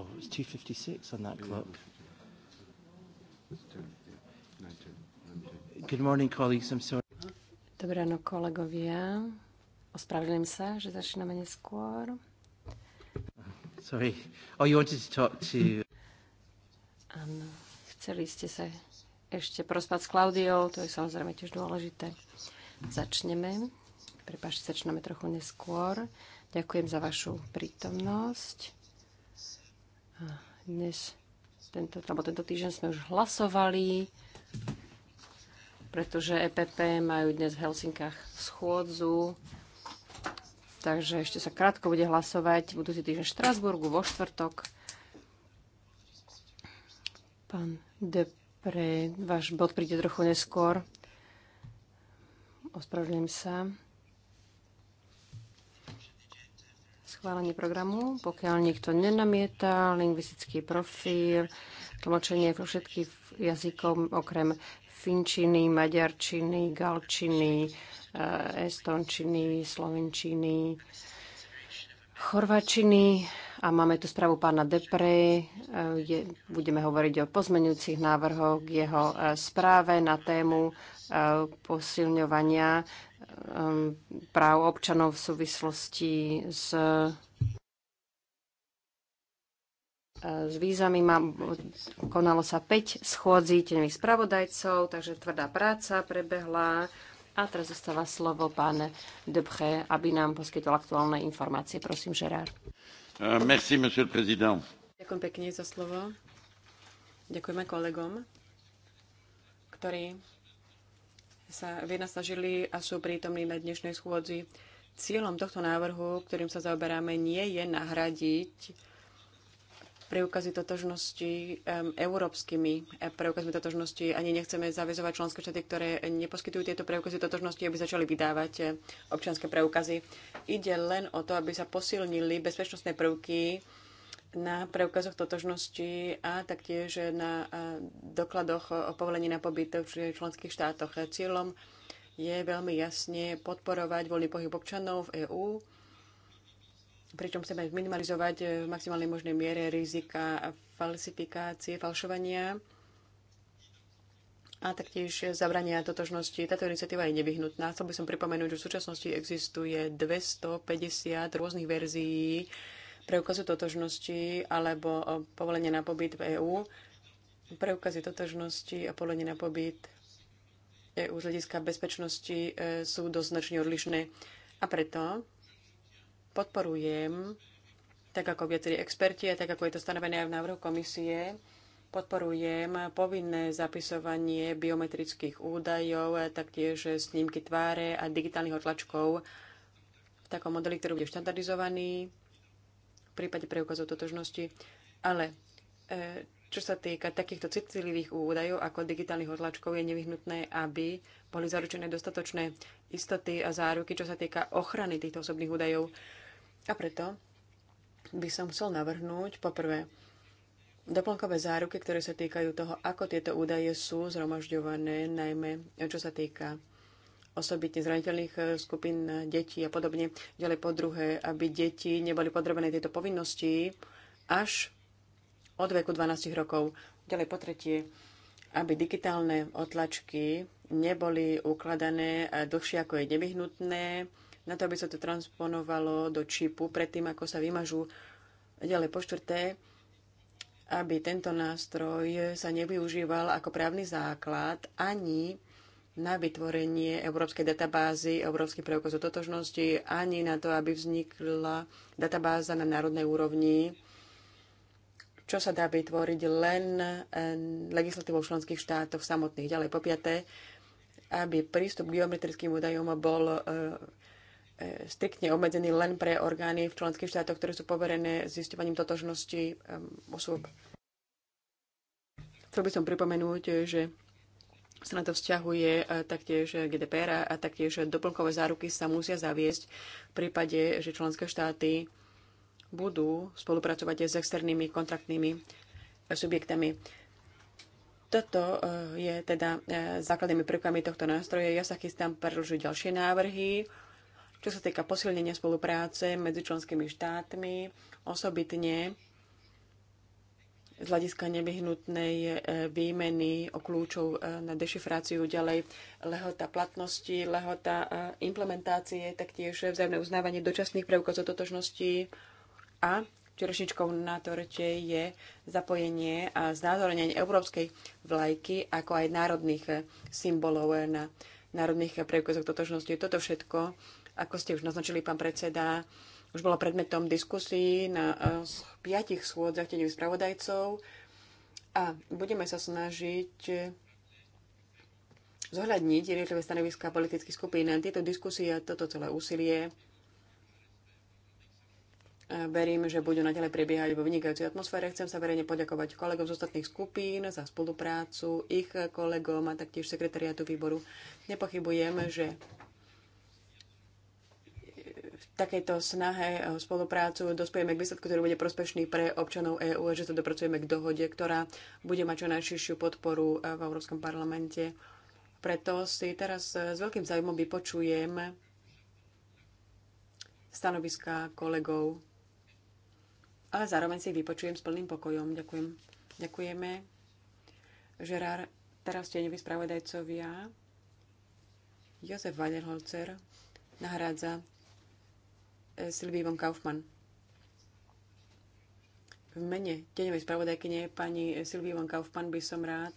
Oh, it's 2.56 on that clock. Good morning, colleagues. I'm sorry. Dobré ráno, kolegovia. Ospravedlím sa, že začíname neskôr. Sorry. Oh, you wanted to talk to... Áno, chceli ste sa ešte prospať s Klaudiou, to je samozrejme tiež dôležité. Začneme. Prepašte, začneme trochu neskôr. Ďakujem za vašu prítomnosť. Dnes, tento, alebo tento týždeň sme už hlasovali, pretože EPP majú dnes v Helsinkách schôdzu, takže ešte sa krátko bude hlasovať. Budú si týždeň v Štrasburgu vo štvrtok. Pán Depre, váš bod príde trochu neskôr. Ospravedlňujem sa. schválenie programu, pokiaľ nikto nenamieta, lingvistický profil, tlmočenie vo všetkých jazykov okrem finčiny, maďarčiny, galčiny, eh, estončiny, slovenčiny, chorvačiny, a máme tu správu pána Depre. Eh, je, budeme hovoriť o pozmenujúcich návrhoch k jeho eh, správe na tému eh, posilňovania práv občanov v súvislosti s s vízami. konalo sa 5 schôdzí tenových spravodajcov, takže tvrdá práca prebehla. A teraz zostáva slovo pán Debré, aby nám poskytol aktuálne informácie. Prosím, Žerár. Euh, Ďakujem pekne za slovo. Ďakujeme kolegom, ktorí sa vynasnažili a sú prítomní na dnešnej schôdzi. Cieľom tohto návrhu, ktorým sa zaoberáme, nie je nahradiť preukazy totožnosti európskymi e, preukazmi totožnosti. Ani nechceme zavezovať členské štáty, ktoré neposkytujú tieto preukazy totožnosti, aby začali vydávať e, občianské preukazy. Ide len o to, aby sa posilnili bezpečnostné prvky na preukazoch totožnosti a taktiež na e, dokladoch o povolení na pobyt v členských štátoch. Cieľom je veľmi jasne podporovať voľný pohyb občanov v EÚ pričom chceme minimalizovať e, v maximálnej možnej miere rizika falsifikácie, falšovania a taktiež zabrania totožnosti. Táto iniciatíva je nevyhnutná. Chcel by som pripomenúť, že v súčasnosti existuje 250 rôznych verzií preukazu totožnosti alebo e, povolenie na pobyt v EÚ. Preukazy totožnosti a povolenie na pobyt EÚ z hľadiska bezpečnosti e, sú dosť značne odlišné. A preto podporujem, tak ako viacerí experti a tak ako je to stanovené aj v návrhu komisie, podporujem povinné zapisovanie biometrických údajov, taktiež snímky tváre a digitálnych otlačkov v takom modeli, ktorý bude štandardizovaný v prípade preukazov totožnosti. Ale e, čo sa týka takýchto citlivých údajov ako digitálnych odlačkov, je nevyhnutné, aby boli zaručené dostatočné istoty a záruky, čo sa týka ochrany týchto osobných údajov. A preto by som chcel navrhnúť poprvé doplnkové záruky, ktoré sa týkajú toho, ako tieto údaje sú zhromažďované, najmä čo sa týka osobitne zraniteľných eh, skupín detí a podobne. Ďalej po druhé, aby deti neboli podrobené tieto povinnosti, až od veku 12 rokov. Ďalej po tretie, aby digitálne otlačky neboli ukladané dlhšie ako je nevyhnutné, na to, aby sa to transponovalo do čipu predtým, ako sa vymažú. Ďalej po štvrté, aby tento nástroj sa nevyužíval ako právny základ ani na vytvorenie európskej databázy, európsky preukaz o totožnosti, ani na to, aby vznikla databáza na národnej úrovni čo sa dá vytvoriť len eh, legislatívou členských štátoch samotných. Ďalej po piaté, aby prístup k biometrickým údajom bol eh, eh, striktne obmedzený len pre orgány v členských štátoch, ktoré sú poverené zisťovaním totožnosti osôb. Chcel by som pripomenúť, že sa na to vzťahuje taktiež GDPR a taktiež doplnkové záruky sa musia zaviesť v prípade, že členské štáty budú spolupracovať aj s externými kontraktnými e, subjektami. Toto e, je teda e, základnými prvkami tohto nástroja. Ja sa chystám predložiť ďalšie návrhy, čo sa týka posilnenia spolupráce medzi členskými štátmi, osobitne z hľadiska nevyhnutnej výmeny o kľúčov na dešifráciu ďalej lehota platnosti, lehota implementácie, taktiež vzájomné uznávanie dočasných preukazov totožností. A čerešničkou na torte je zapojenie a znázornenie európskej vlajky, ako aj národných symbolov na národných preukazoch totožnosti. Toto všetko, ako ste už naznačili, pán predseda, už bolo predmetom diskusí na e, piatich schôdzach tieňových spravodajcov a budeme sa snažiť zohľadniť jednotlivé stanoviská politických skupín. Tieto diskusie a toto celé úsilie Verím, že budú naďalej prebiehať vo vynikajúcej atmosfére. Chcem sa verejne poďakovať kolegom z ostatných skupín za spoluprácu, ich kolegom a taktiež sekretariátu výboru. Nepochybujem, že v takejto snahe o spoluprácu dospejeme k výsledku, ktorý bude prospešný pre občanov EÚ a že sa dopracujeme k dohode, ktorá bude mať čo najširšiu podporu v Európskom parlamente. Preto si teraz s veľkým zaujímom vypočujem stanoviska kolegov ale zároveň si vypočujem s plným pokojom. Ďakujem. Ďakujeme. Žerár, teraz ste spravodajcovia. Jozef Weiderholzer nahrádza e, von Kaufmann. V mene teňovej spravodajkyne pani von Kaufmann by som rád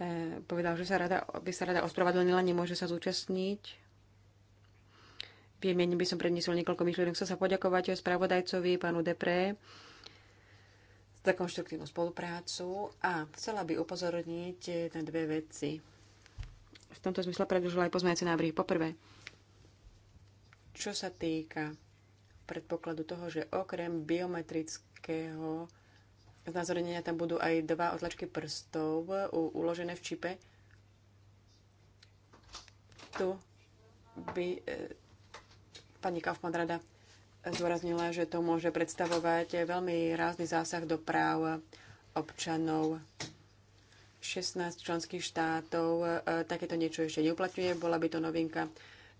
e, povedal, že sa rada, by sa rada ospravedlnila, nemôže sa zúčastniť v by som predniesol niekoľko myšlienok. Chcem sa poďakovať spravodajcovi, pánu Depré, za konštruktívnu spoluprácu a chcela by upozorniť na dve veci. V tomto zmysle predložila aj pozmeňujúce návrhy. Poprvé, čo sa týka predpokladu toho, že okrem biometrického znázornenia tam budú aj dva otlačky prstov uložené v čipe. Tu by e, Pani Kaufmann rada zdôraznila, že to môže predstavovať veľmi rázny zásah do práv občanov. 16 členských štátov e, takéto niečo ešte neuplatňuje, bola by to novinka.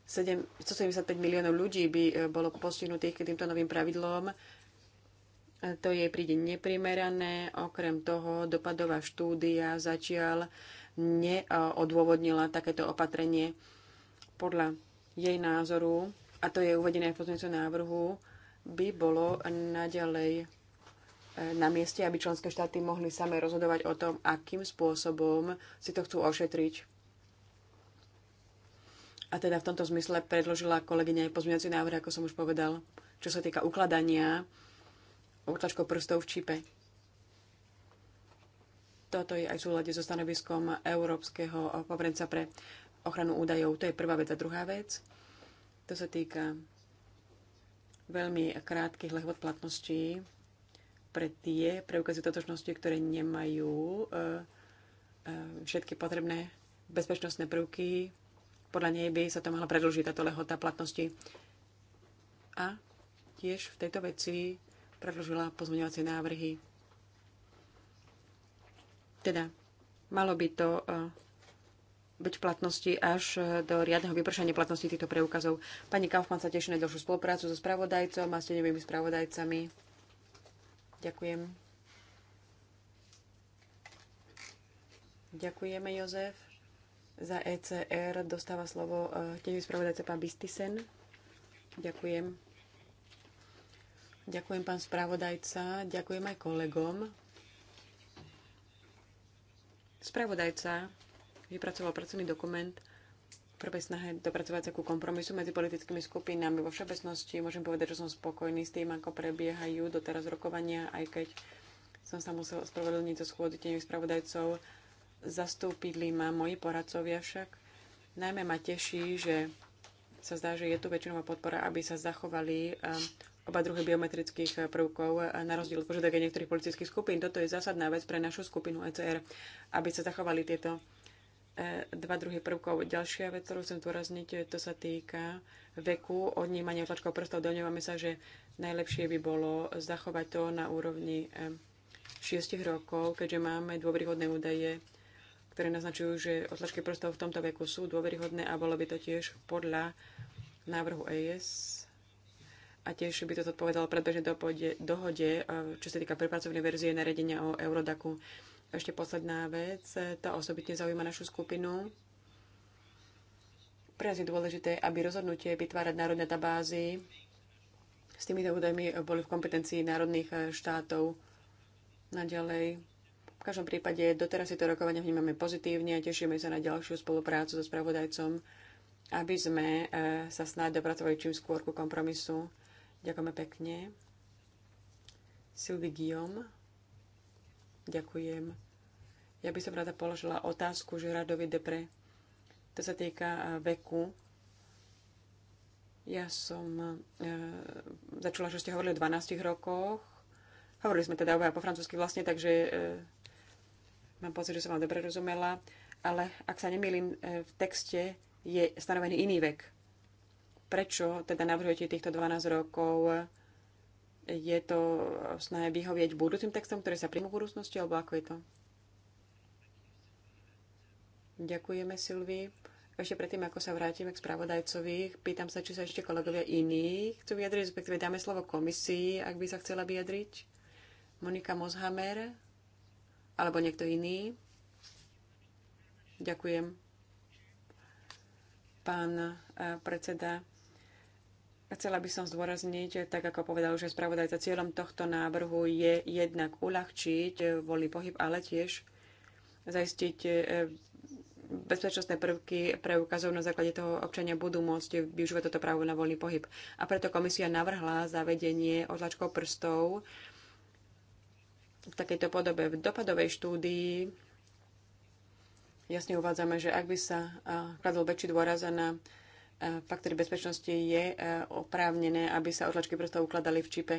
7, 175 miliónov ľudí by e, bolo postihnutých k týmto novým pravidlom. E, to jej príde neprimerané. Okrem toho, dopadová štúdia zatiaľ neodôvodnila takéto opatrenie. Podľa jej názoru a to je uvedené v pozmeňujúcom návrhu, by bolo naďalej e, na mieste, aby členské štáty mohli same rozhodovať o tom, akým spôsobom si to chcú ošetriť. A teda v tomto zmysle predložila kolegyňa aj pozmeňovací návrh, ako som už povedal, čo sa týka ukladania otlačkov prstov v čipe. Toto je aj v súlade so stanoviskom Európskeho povrenca pre ochranu údajov. To je prvá vec. A druhá vec, to sa týka veľmi krátkych lehot platností pre tie preukazy totožnosti, ktoré nemajú e, e, všetky potrebné bezpečnostné prvky. Podľa nej by sa to mohla predlžiť táto lehota platnosti. A tiež v tejto veci predložila pozmeňovacie návrhy. Teda malo by to e, byť v platnosti až do riadneho vypršania platnosti týchto preukazov. Pani Kaufmann sa teší na ďalšiu spoluprácu so spravodajcom a stenovými spravodajcami. Ďakujem. Ďakujeme, Jozef. Za ECR dostáva slovo e, tenový spravodajca pán Bistisen. Ďakujem. Ďakujem, pán spravodajca. Ďakujem aj kolegom. Spravodajca vypracoval pracovný dokument v prvej snahe dopracovať sa ku kompromisu medzi politickými skupinami. Vo všeobecnosti môžem povedať, že som spokojný s tým, ako prebiehajú doteraz rokovania, aj keď som sa musel spravodlniť zo schôdy tieňových spravodajcov. Zastúpili ma moji poradcovia však. Najmä ma teší, že sa zdá, že je tu väčšinová podpora, aby sa zachovali eh, oba druhy biometrických eh, prvkov eh, na rozdiel od požiadavky niektorých politických skupín. Toto je zásadná vec pre našu skupinu ECR, aby sa zachovali tieto E, dva druhy prvkov. Ďalšia vec, ktorú chcem dôrazniť, e, to sa týka veku, odnímania tlačkov prstov. Domnievame sa, že najlepšie by bolo zachovať to na úrovni 6 e, rokov, keďže máme dôveryhodné údaje, ktoré naznačujú, že otlačky prstov v tomto veku sú dôveryhodné a bolo by to tiež podľa návrhu AS, a tiež by to zodpovedalo predbežne dohode, čo sa týka prepracovnej verzie nariadenia o Eurodaku. Ešte posledná vec, tá osobitne zaujíma našu skupinu. Pre nás je dôležité, aby rozhodnutie vytvárať národné databázy s týmito údajmi boli v kompetencii národných eh, štátov naďalej. V každom prípade doteraz si to rokovania vnímame pozitívne a tešíme sa na ďalšiu spoluprácu so spravodajcom, aby sme eh, sa snáď dopracovali čím skôr ku kompromisu. Ďakujeme pekne. Sylvie Guillaume. Ďakujem. Ja by som rada položila otázku Žeradovi Depre. To sa týka eh, veku. Ja som e, začula, že ste hovorili o 12 rokoch. Hovorili sme teda obaja po francúzsky vlastne, takže e, mám pocit, že som vám dobre rozumela. Ale ak sa nemýlim, e, v texte je stanovený iný vek. Prečo teda navrhujete týchto 12 rokov? Je to snahe vyhovieť budúcim textom, ktoré sa príjmu v budúcnosti, alebo ako je to? Ďakujeme, Silvi. Ešte predtým, ako sa vrátime k spravodajcovi, pýtam sa, či sa ešte kolegovia iní chcú vyjadriť, respektíve dáme slovo komisii, ak by sa chcela vyjadriť. Monika Mozhamer alebo niekto iný. Ďakujem. Pán e, predseda, chcela by som zdôrazniť, tak ako povedal už spravodajca, cieľom tohto návrhu je jednak uľahčiť e, voľný pohyb, ale tiež zaistiť e, bezpečnostné prvky preukazov na základe toho občania budú môcť využívať toto právo na voľný pohyb. A preto komisia navrhla zavedenie odlačkov prstov v takejto podobe. V dopadovej štúdii jasne uvádzame, že ak by sa kladol väčší dôraz na faktory bezpečnosti, je oprávnené, aby sa odlačky prstov ukladali v čipe.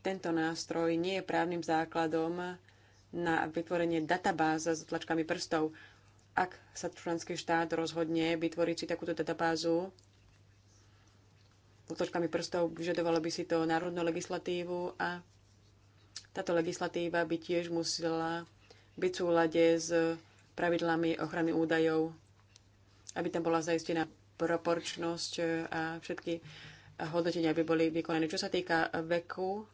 Tento nástroj nie je právnym základom na vytvorenie databáze s tlačkami prstov. Ak sa členský štát rozhodne vytvoriť si takúto databázu s tlačkami prstov, vyžadovalo by si to národnú legislatívu a táto legislatíva by tiež musela byť v súlade s pravidlami ochrany údajov, aby tam bola zaistená proporčnosť a všetky hodnotenia by boli vykonané. Čo sa týka veku,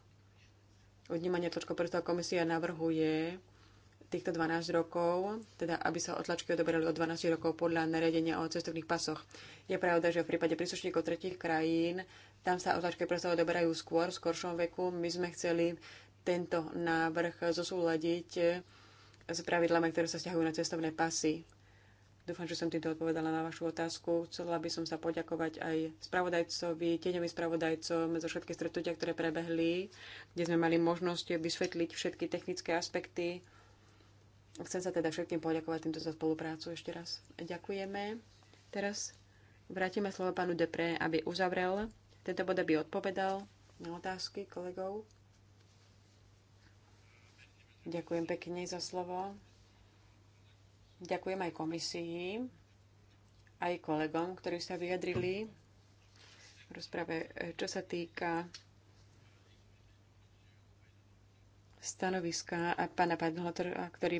Vnímanie tlačkov prstov komisia navrhuje týchto 12 rokov, teda aby sa otlačky odoberali od 12 rokov podľa nariadenia o cestovných pasoch. Je pravda, že v prípade príslušníkov tretich krajín tam sa otlačky prstov odoberajú skôr, v skoršom veku. My sme chceli tento návrh zosúľadiť s pravidlami, ktoré sa stiahujú na cestovné pasy. Dúfam, že som týmto odpovedala na vašu otázku. Chcela by som sa poďakovať aj spravodajcovi, tieňovým spravodajcom zo všetky stretnutia, ktoré prebehli, kde sme mali možnosť vysvetliť všetky technické aspekty. Chcem sa teda všetkým poďakovať týmto za spoluprácu ešte raz. Ďakujeme. Teraz vrátime slovo pánu Depre, aby uzavrel tento bod, aby odpovedal na otázky kolegov. Ďakujem pekne za slovo. Ďakujem aj komisii, aj kolegom, ktorí sa vyjadrili v rozprave, eh, čo sa týka stanoviska a pána Padnotora, eh, ktorý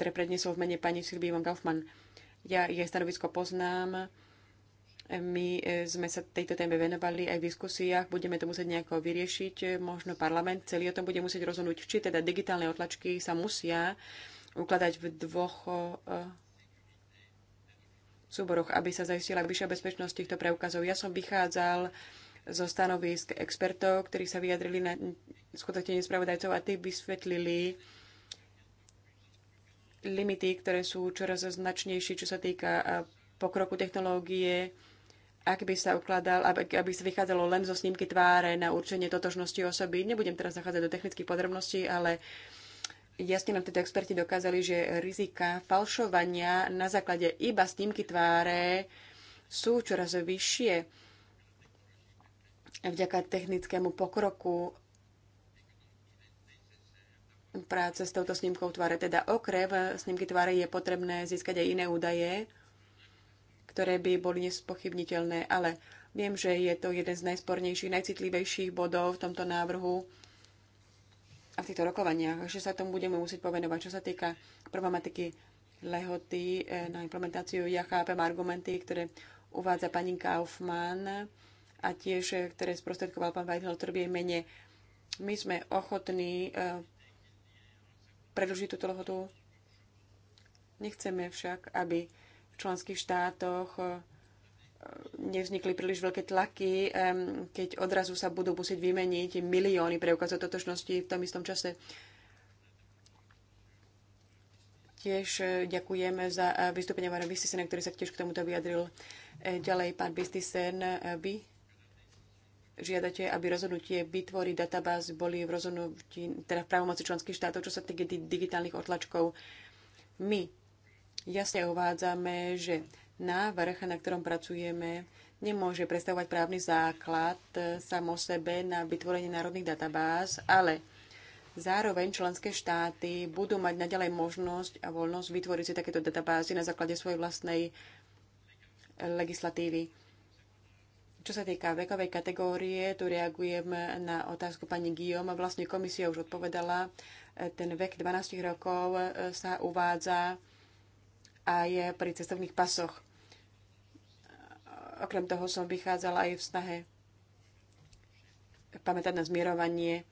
ktoré predniesol v mene pani Silvi von Kaufmann. Ja jej stanovisko poznám. My eh, sme sa tejto téme venovali aj v diskusiách. Budeme to musieť nejako vyriešiť. Možno parlament celý o tom bude musieť rozhodnúť, či teda digitálne otlačky sa musia ukladať v dvoch eh, súboroch, aby sa zaistila vyššia bezpečnosť týchto preukazov. Ja som vychádzal zo stanovisk expertov, ktorí sa vyjadrili na skutočne spravodajcov a tí vysvetlili limity, ktoré sú čoraz značnejšie, čo sa týka eh, pokroku technológie, ak by sa ukladal, aby, aby sa vychádzalo len zo snímky tváre na určenie totožnosti osoby. Nebudem teraz zachádzať do technických podrobností, ale uh, jasne nám teda experti dokázali, že rizika falšovania na základe iba snímky tváre sú čoraz vyššie vďaka technickému pokroku práce s touto snímkou tváre. Teda okrem snímky tváre je potrebné získať aj iné údaje, ktoré by boli nespochybniteľné, ale viem, že je to jeden z najspornejších, najcitlivejších bodov v tomto návrhu a v týchto rokovaniach, že sa tomu budeme musieť povenovať. Čo sa týka problematiky lehoty eh, na implementáciu, ja chápem argumenty, ktoré uvádza pani Kaufmann a tiež, eh, ktoré sprostredkoval pán Weidel, ktorý je mene. My sme ochotní eh, predlžiť túto lehotu. Nechceme však, aby v členských štátoch nevznikli príliš veľké tlaky, keď odrazu sa budú musieť vymeniť milióny preukazov totočnosti v tom istom čase. Tiež e, ďakujem za e, vystúpenie pána Bistisena, ktorý sa tiež k tomuto vyjadril. E, ďalej, pán Bistisen, vy žiadate, aby rozhodnutie vytvory databáz boli v rozhodnutí, teda v právomoci členských štátov, čo sa týka digitálnych otlačkov. My jasne uvádzame, že Návrh, na ktorom pracujeme, nemôže predstavovať právny základ e, samo sebe na vytvorenie národných databáz, ale zároveň členské štáty budú mať naďalej možnosť a voľnosť vytvoriť si takéto databázy na základe svojej vlastnej legislatívy. Čo sa týka vekovej kategórie, tu reagujem na otázku pani Guillaume. Vlastne komisia už odpovedala, e, ten vek 12 rokov e, sa uvádza aj pri cestovných pasoch. Okrem toho som vychádzala aj v snahe pamätať na zmierovanie,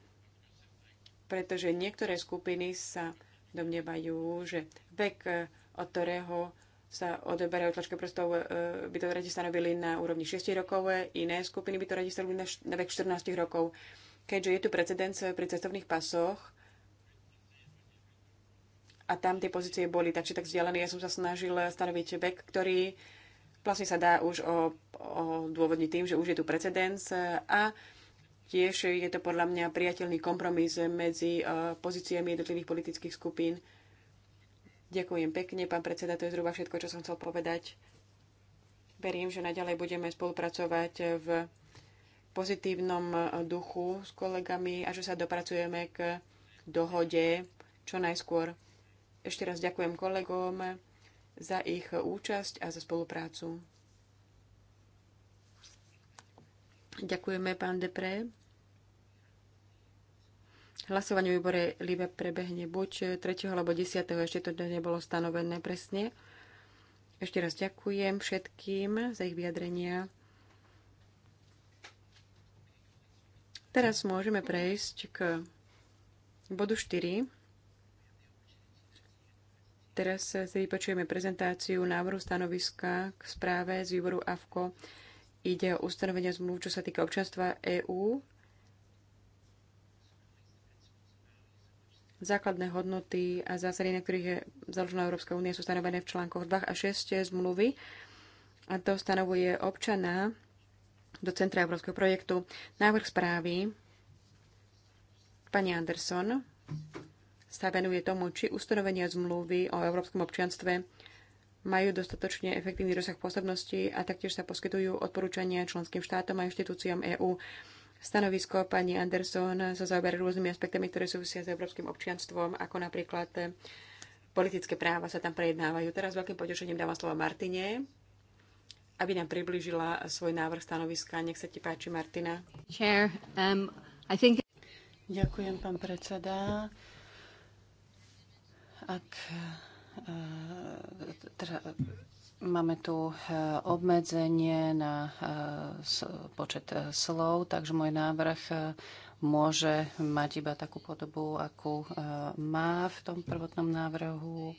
pretože niektoré skupiny sa domnievajú, že vek, eh, od ktorého sa odoberajú tlačky prstov, eh, by to radi stanovili na úrovni 6 rokov, eh, iné skupiny by to radi stanovili na vek 14 rokov. Keďže je tu precedens pri cestovných pasoch a tam tie pozície boli tak či tak vzdialené, ja som sa snažil stanoviť vek, ktorý Vlastne sa dá už o, o dôvodniť tým, že už je tu precedens a tiež je to podľa mňa priateľný kompromis medzi e, pozíciami jednotlivých politických skupín. Ďakujem pekne, pán predseda, to je zhruba všetko, čo som chcel povedať. Verím, že naďalej budeme spolupracovať v pozitívnom e, duchu s kolegami a že sa dopracujeme k dohode čo najskôr. Ešte raz ďakujem kolegom za ich účasť a za spoluprácu. Ďakujeme, pán Depré. Hlasovanie v výbore LIBE prebehne buď 3. alebo 10. Ešte to nebolo stanovené presne. Ešte raz ďakujem všetkým za ich vyjadrenia. Teraz môžeme prejsť k bodu 4. Teraz si vypočujeme prezentáciu návrhu stanoviska k správe z výboru AFKO. Ide o ustanovenia zmluv, čo sa týka občanstva EÚ, základné hodnoty a zásady, na ktorých je založená Európska únia, sú stanovené v článkoch 2 a 6 zmluvy. A to stanovuje občana do Centra Európskeho projektu. Návrh správy pani Anderson sa venuje tomu, či ustanovenia zmluvy o európskom občianstve majú dostatočne efektívny rozsah pôsobnosti a taktiež sa poskytujú odporúčania členským štátom a inštitúciám EÚ. Stanovisko pani Anderson sa zaoberá rôznymi aspektami, ktoré súvisia s európskym občianstvom, ako napríklad eh, politické práva sa tam prejednávajú. Teraz veľkým potešením dávam slovo Martine, aby nám priblížila svoj návrh stanoviska. Nech sa ti páči, Martina. Chair, um, I think... Ďakujem, pán predseda. Ak e, teda, Máme tu e, obmedzenie na e, počet slov, takže môj návrh môže mať iba takú podobu, akú má v tom prvotnom návrhu.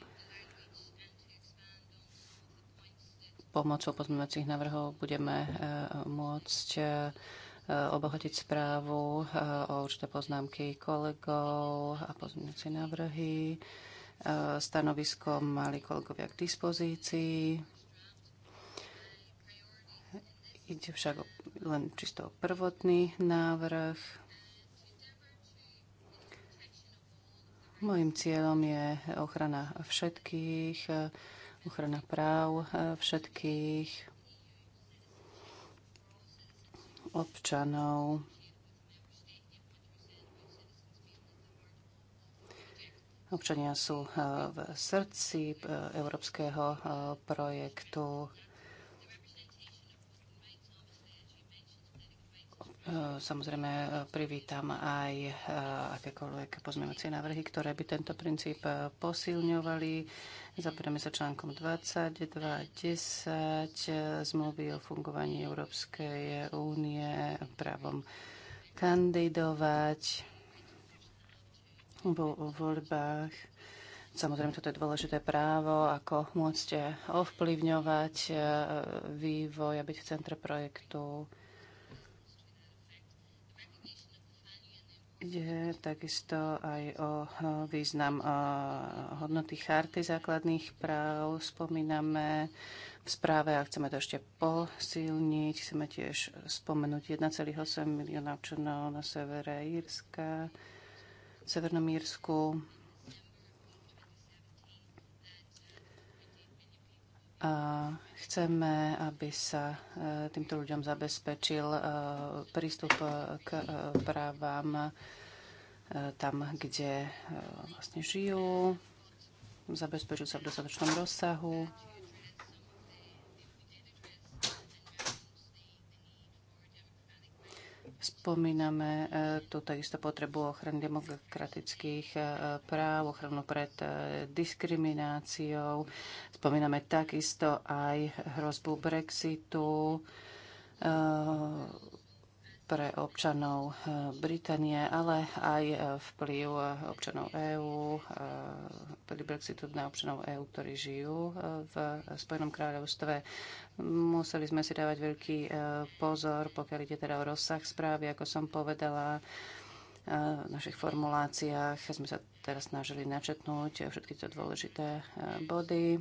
Pomocou pozmeňovacích návrhov budeme môcť obohatiť správu o určité poznámky kolegov a pozmeňovacie návrhy. Stanovisko mali kolegovia k dispozícii. Ide však o, len čisto o prvotný návrh. Mojím cieľom je ochrana všetkých, ochrana práv všetkých občanov Občania sú eh, v srdci eh, európskeho eh, projektu. Samozrejme, privítam aj akékoľvek pozmeňovacie návrhy, ktoré by tento princíp posilňovali. zaprieme sa článkom 2210 zmluvy o fungovaní Európskej únie, právom kandidovať vo voľbách. Samozrejme, toto je dôležité právo, ako môcť ovplyvňovať e, vývoj a byť v centre projektu. Ide takisto aj o význam e, hodnoty charty základných práv. Spomíname v správe a chceme to ešte posilniť. Chceme tiež spomenúť 1,8 milióna občanov na severe Írska Severnom Írsku. A chceme, aby sa e, týmto ľuďom zabezpečil e, prístup k e, právam tam, kde vlastne žijú, zabezpečujú sa v dostatočnom rozsahu. Spomíname e, tu takisto potrebu ochrany demokratických e, práv, ochranu pred e, diskrimináciou. Spomíname takisto aj hrozbu Brexitu, pre občanov eh, Británie, ale aj eh, vplyv eh, občanov EÚ, vplyv Brexitu na občanov EÚ, ktorí žijú v Spojenom kráľovstve. Museli sme si dávať veľký pozor, pokiaľ ide teda o rozsah správy, ako som povedala v našich formuláciách. Sme sa teraz snažili načetnúť všetky tie dôležité body.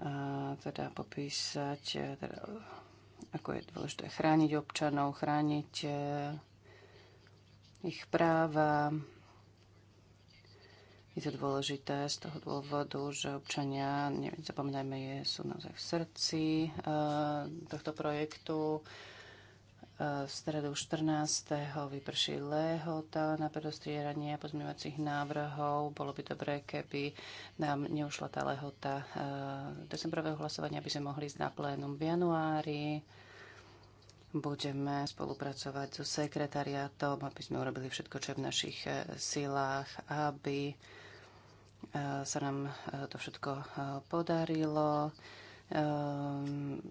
a teda popísať, e, teda, ako je dôležité chrániť občanov, chrániť e, ich práva. Je to dôležité z toho dôvodu, že občania, nezapomínajme, sú naozaj v srdci e, tohto projektu. E, v stredu 14. vyprší lehota na predostrieranie pozmývacích návrhov. Bolo by dobré, keby nám neušla tá lehota e, decembrového hlasovania, aby sme mohli ísť na plénum v januári. Budeme spolupracovať so sekretariátom, aby sme urobili všetko, čo je v našich e, silách, aby sa nám to všetko podarilo. Ehm,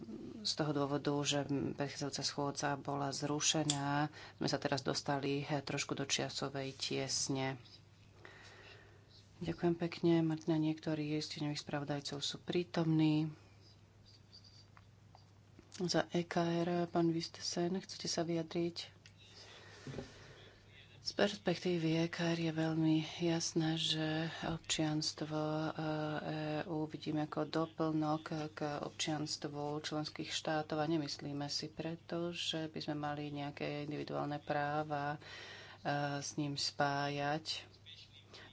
z toho dôvodu, že predchádzajúca schôdza bola zrušená, sme sa teraz dostali eh, trošku do čiasovej tiesne. Ďakujem pekne. Martina, niektorí stieňových spravodajcov sú prítomní. Za EKR, pán Vistesen, chcete sa vyjadriť? Z perspektívy EKR je veľmi jasné, že občianstvo EU eh, e vidíme ako doplnok k občianstvu členských štátov a nemyslíme si preto, že by sme mali nejaké individuálne práva eh, s ním spájať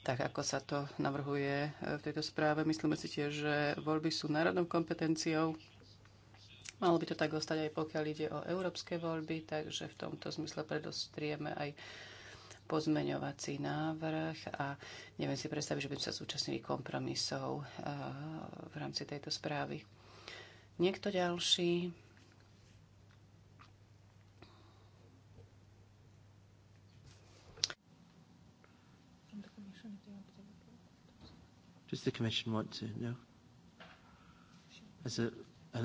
tak ako sa to navrhuje eh, v tejto správe. Myslíme si tiež, že voľby sú národnou kompetenciou. Malo by to tak ostať aj pokiaľ ide o európske voľby, takže v tomto zmysle predostrieme aj uh, pozmeňovací návrh a neviem si predstaviť, že by sa zúčastnili kompromisov eh, v rámci tejto správy. Niekto ďalší? Does the commission want to?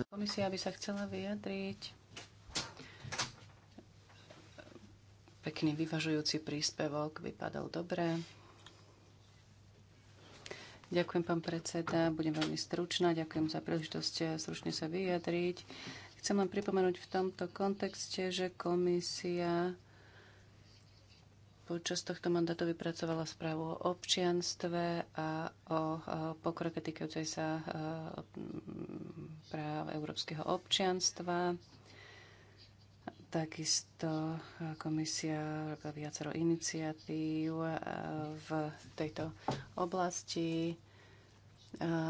Komisia by sa chcela vyjadriť. Pekný vyvažujúci príspevok, vypadal dobre. Ďakujem, pán predseda. Budem veľmi stručná. Ďakujem za príležitosť stručne sa vyjadriť. Chcem vám pripomenúť v tomto kontexte, že komisia počas tohto mandátu vypracovala správu o občianstve a o pokroke týkajúcej sa e, práv európskeho občianstva. Takisto eh, komisia robila viacero iniciatív eh, v tejto oblasti, eh,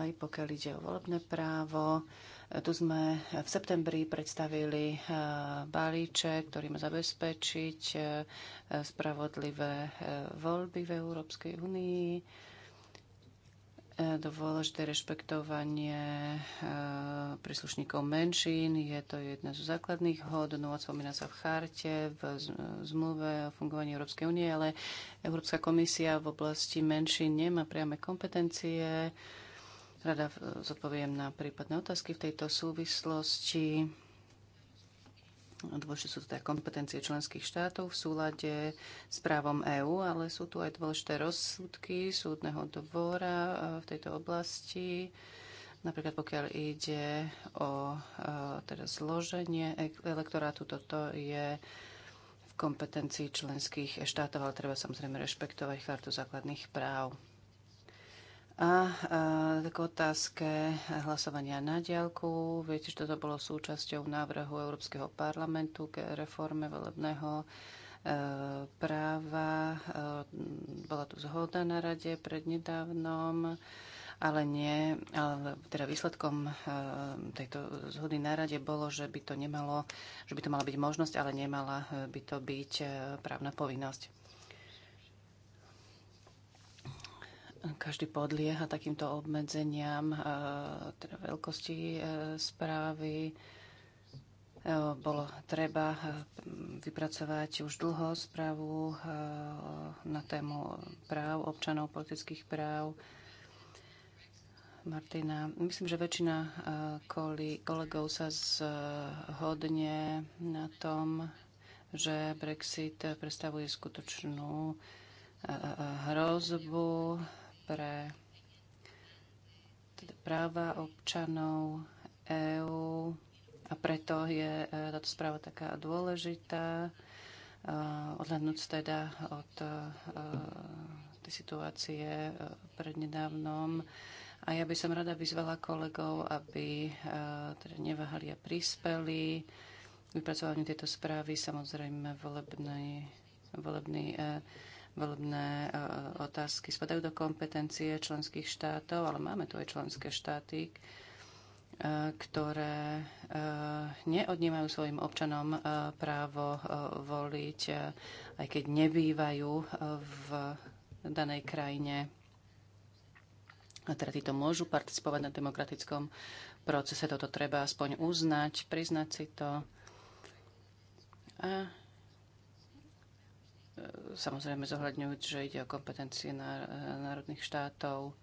aj pokiaľ ide o volebné právo. Tu sme v septembri predstavili balíček, ktorý má zabezpečiť spravodlivé voľby v Európskej únii. E, dôležité rešpektovanie e, príslušníkov menšín. Je to jedna zo základných hodnot, spomína sa v charte, v e, zmluve o fungovaní Európskej únie, ale Európska komisia v oblasti menšín nemá priame kompetencie. Rada zodpoviem na prípadné otázky v tejto súvislosti. Dôležité sú teda kompetencie členských štátov v súlade s právom EÚ, ale sú tu aj dôležité rozsudky súdneho dvora e, v tejto oblasti. Napríklad pokiaľ ide o e, teda zloženie elektorátu, toto je v kompetencii členských štátov, ale treba samozrejme rešpektovať chartu základných práv. A, a k otázke hlasovania na diálku. Viete, že toto bolo súčasťou návrhu Európskeho parlamentu k reforme volebného e, práva. E, bola tu zhoda na rade prednedávnom, ale nie, ale teda výsledkom e, tejto zhody na rade bolo, že by to nemalo, že by to mala byť možnosť, ale nemala e, by to byť e, právna povinnosť. každý podlieha takýmto obmedzeniam e, teda veľkosti e, správy. E, bolo treba vypracovať už dlho správu na tému práv občanov, politických práv. Martina, myslím, že väčšina kolegov sa zhodne na tom, že Brexit predstavuje skutočnú hrozbu ktoré teda práva občanov EÚ a preto je e, táto správa taká dôležitá. E, Odhľadnúť teda od e, tej situácie prednedávnom. A ja by som rada vyzvala kolegov, aby teda neváhali a prispeli vypracovanie tejto správy. Samozrejme, volebný, volebný volebné e, otázky spadajú do kompetencie členských štátov, ale máme tu aj členské štáty, e, ktoré e, neodnímajú svojim občanom právo voliť, aj keď nebývajú v danej krajine. A teda títo môžu participovať na demokratickom procese. Toto treba aspoň uznať, priznať si to. A samozrejme zohľadňujúc, že ide o kompetencie národných štátov.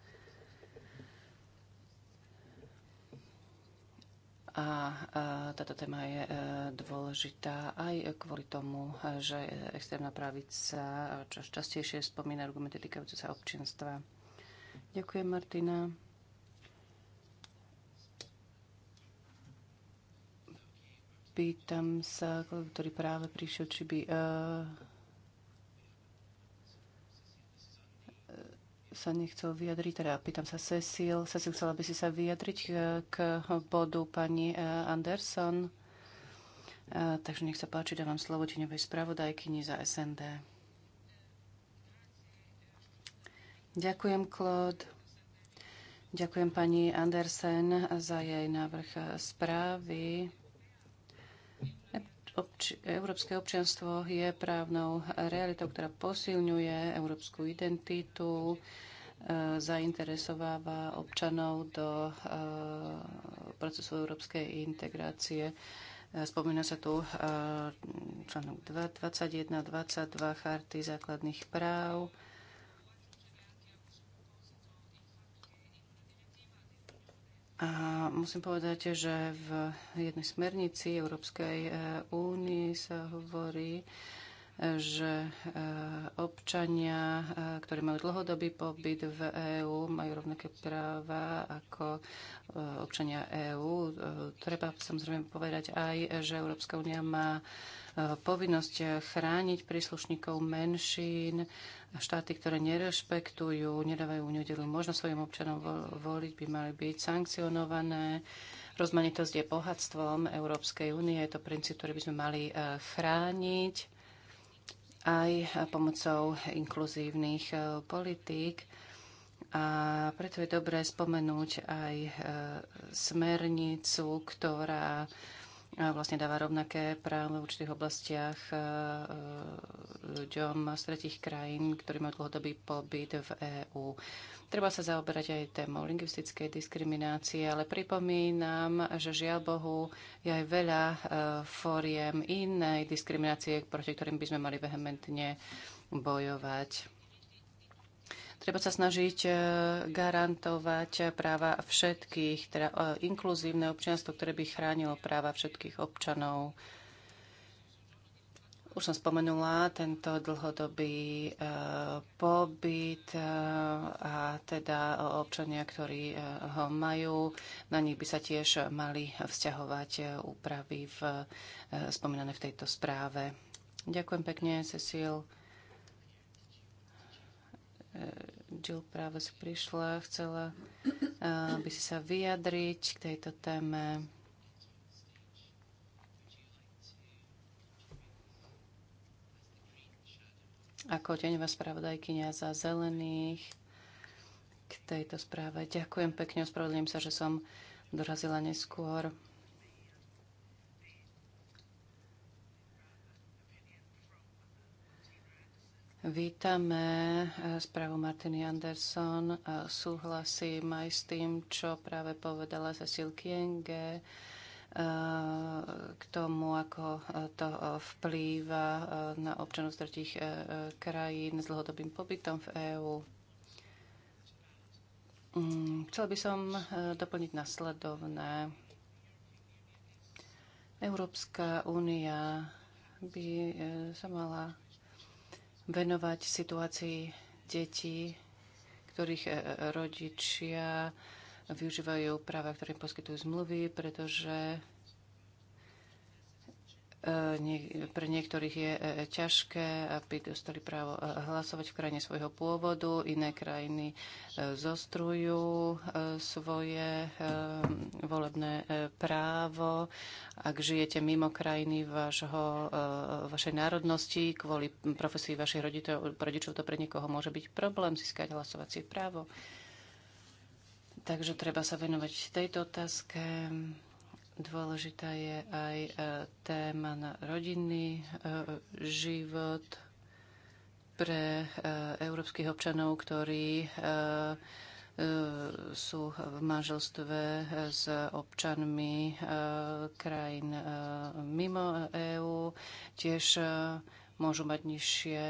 A táto téma je e, dôležitá aj kvôli tomu, že extrémna pravica čoraz častejšie spomína argumenty týkajúce sa občianstva. Ďakujem, Martina. Pýtam sa, ktorý práve prišiel, či by e, sa nechcel vyjadriť, teda pýtam sa Cecil. Cecil, chcela by si sa vyjadriť e, k bodu pani e, Anderson. E, takže nech sa páči, dávam slovo teňovej spravodajkyni za SND. Ďakujem, Claude. Ďakujem pani Andersen za jej návrh správy. Obč- Európske občianstvo je právnou realitou, ktorá posilňuje európsku identitu, E, zainteresováva občanov do e, procesu európskej integrácie. E, spomína sa tu článok 21, 22 charty základných práv. A musím povedať, že v jednej smernici Európskej únii sa hovorí, že e, občania, e, ktorí majú dlhodobý pobyt v EÚ, majú rovnaké práva ako e, občania EÚ. Treba samozrejme povedať aj, že Európska únia má povinnosť chrániť príslušníkov menšín a štáty, ktoré nerešpektujú, nedávajú nedelú možnosť svojim občanom voliť, by mali byť sankcionované. Rozmanitosť je bohatstvom Európskej únie, je to princíp, ktorý by sme mali chrániť aj pomocou inkluzívnych e, politík. A preto je dobré spomenúť aj e, smernicu, ktorá vlastne dáva rovnaké práve v určitých oblastiach e, e, ľuďom z tretich krajín, ktorí majú dlhodobý pobyt v EÚ. Treba sa zaoberať aj témou lingvistickej diskriminácie, ale pripomínam, že žiaľ Bohu je aj veľa e, fóriem inej diskriminácie, proti ktorým by sme mali vehementne bojovať. Treba sa snažiť e, garantovať práva všetkých, teda e, inkluzívne občianstvo, ktoré by chránilo práva všetkých občanov. Už som spomenula tento dlhodobý e, pobyt a teda občania, ktorí ho majú, na nich by sa tiež mali vzťahovať úpravy v, spomínané v tejto správe. Ďakujem pekne, Cecil. Jill práve si prišla, chcela eh, by si sa vyjadriť k tejto téme. Ako deňová spravodajkynia za zelených k tejto správe. Ďakujem pekne, ospravedlňujem sa, že som dorazila neskôr. Vítame eh, správu Martiny Anderson. Eh, súhlasím aj s tým, čo práve povedala Cecil Kienge eh, k tomu, ako to vplýva na občanov z tretich krajín s dlhodobým pobytom v EÚ. Mm, chcel by som doplniť nasledovné. Európska únia by sa mala venovať situácii detí, ktorých e, e, rodičia využívajú práva, ktoré im poskytujú zmluvy, pretože E, pre niektorých je e, e, ťažké, aby dostali právo hlasovať v krajine svojho pôvodu. Iné krajiny zostrujú svoje volebné právo. Ak žijete mimo krajiny vašho, vašej národnosti, kvôli profesii vašich rodičov, to pre niekoho môže byť problém získať hlasovacie právo. Takže treba sa venovať tejto otázke Dôležitá je aj e, téma na rodinný e, život pre e, európskych občanov, ktorí sú v manželstve s občanmi krajín mimo EÚ. Tiež môžu mať nižšie,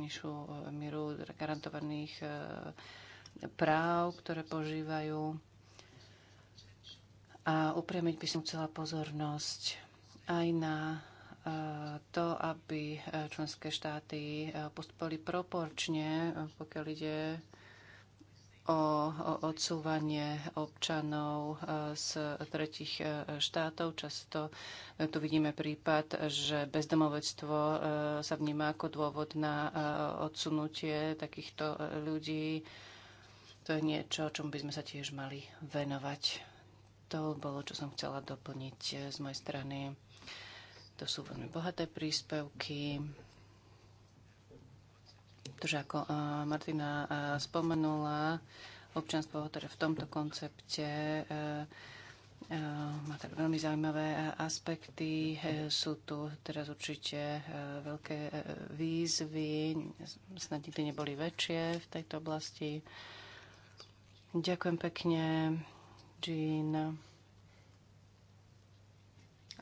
nižšiu mieru garantovaných práv, ktoré požívajú. A upriamiť by som chcela pozornosť aj na e, to, aby e, členské štáty e, postupovali proporčne, pokiaľ ide o odsúvanie občanov z tretich štátov. Často tu vidíme prípad, že bezdomovectvo sa vníma ako dôvod na odsunutie takýchto ľudí. To je niečo, čomu by sme sa tiež mali venovať. To bolo, čo som chcela doplniť eh, z mojej strany. To sú veľmi bohaté príspevky. Pretože ako eh, Martina eh, spomenula, občanstvo teda v tomto koncepte má tak veľmi zaujímavé aspekty. Sú tu teraz určite veľké výzvy, snad nikdy neboli väčšie v tejto oblasti. Ďakujem pekne Jean.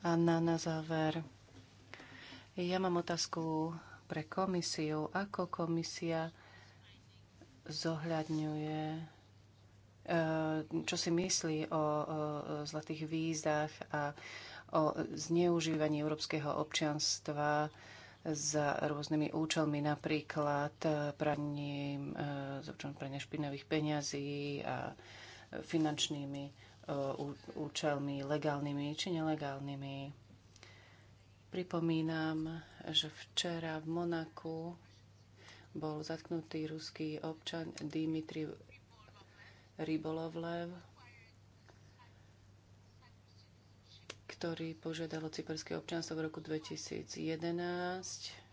Anna na záver. Ja mám otázku pre komisiu. Ako komisia zohľadňuje, e, čo si myslí o zlatých vízach a o zneužívaní európskeho občianstva za rôznymi účelmi, napríklad e, praním, e, špinavých peňazí a finančnými e, účelmi, legálnymi či nelegálnymi. Pripomínam, že včera v Monaku bol zatknutý ruský občan Dimitri Rybolovlev, ktorý požiadal o cyperské občanstvo v roku 2011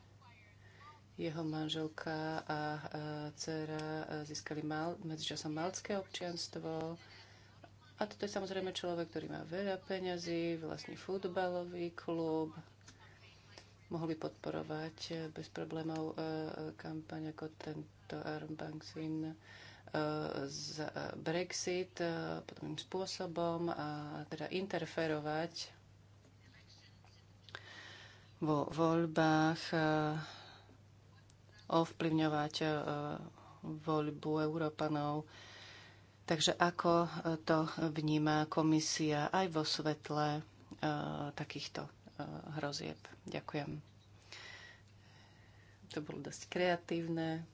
jeho manželka a dcera e, získali mal, medzičasom malcké občianstvo. A toto je samozrejme človek, ktorý má veľa peňazí, vlastní futbalový klub, mohol by podporovať e, bez problémov e, kampaň ako tento Aaron Banksin z Brexit podobným spôsobom a teda interferovať vo voľbách ovplyvňovať e, voľbu Európanov. Takže ako e, to vníma komisia aj vo svetle e, takýchto hrozieb? Ďakujem. To bolo dosť kreatívne.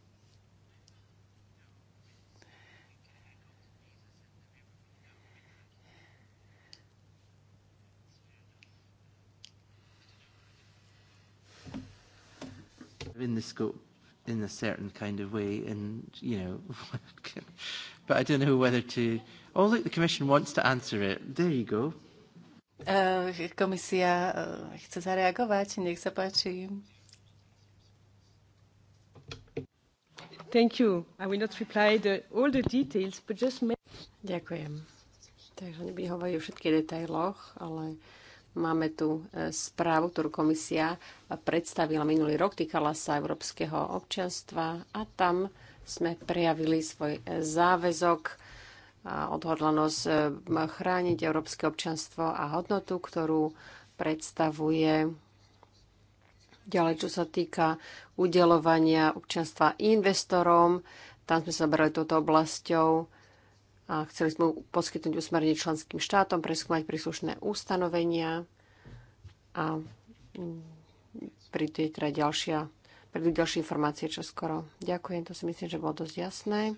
in the in a certain kind of way, and you know, but I don't know whether to. Oh, look, the Commission wants to answer it. There you go. Uh, komisia eh, chce zareagovať, nech sa páči. Thank you. I will not reply the, all the details, but just... Ďakujem. Takže nebudem hovoriť o všetkých detailoch, ale Máme tu e, správu, ktorú komisia predstavila minulý rok, týkala sa európskeho občanstva a tam sme prejavili svoj e, záväzok a odhodlanosť e, chrániť európske občanstvo a hodnotu, ktorú predstavuje ďalej, čo sa týka udelovania občanstva investorom. Tam sme sa brali touto oblasťou a chceli sme poskytnúť usmernenie členským štátom, preskúmať príslušné ustanovenia a mm, príde teda ďalšia, prídu ďalšie informácie čoskoro. Ďakujem, to si myslím, že bolo dosť jasné.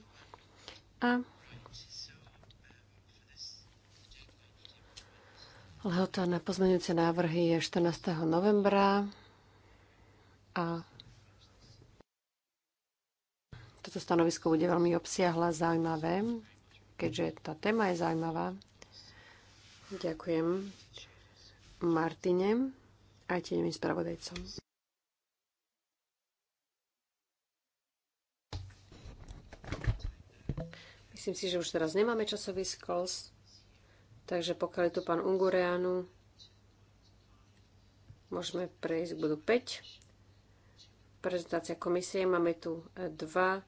A Lehota na pozmeňujúce návrhy je 14. novembra a toto stanovisko bude veľmi obsiahle, zaujímavé keďže tá téma je zaujímavá. Ďakujem Martine a tieňovým spravodajcom. Myslím si, že už teraz nemáme časový skls, takže pokiaľ je tu pán Ungureanu, môžeme prejsť k bodu 5. Prezentácia komisie. Máme tu dva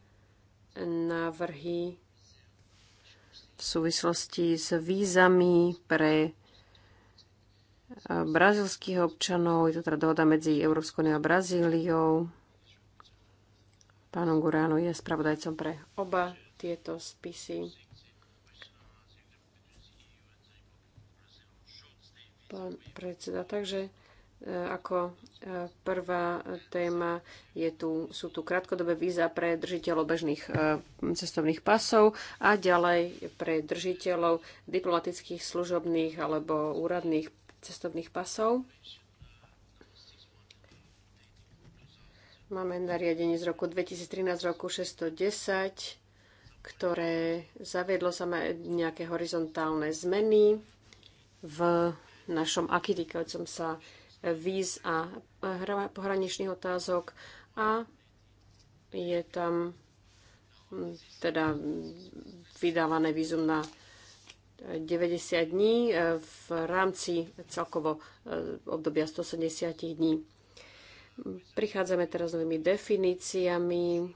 návrhy v súvislosti s vízami pre eh, brazilských občanov. Je to teda dohoda medzi Európskou a Brazíliou. Pánom Guránu je spravodajcom pre oba tieto spisy. Pán predseda, takže ako e, prvá téma je tu, sú tu krátkodobé víza pre držiteľov bežných e, cestovných pasov a ďalej pre držiteľov diplomatických, služobných alebo úradných cestovných pasov. Máme nariadenie z roku 2013, roku 610, ktoré zaviedlo sa nejaké horizontálne zmeny v našom aký sa víz a pohraničných otázok a je tam hm, teda vydávané vízum na 90 e, dní e, v rámci celkovo e, obdobia 180 dní. Prichádzame teraz s novými definíciami,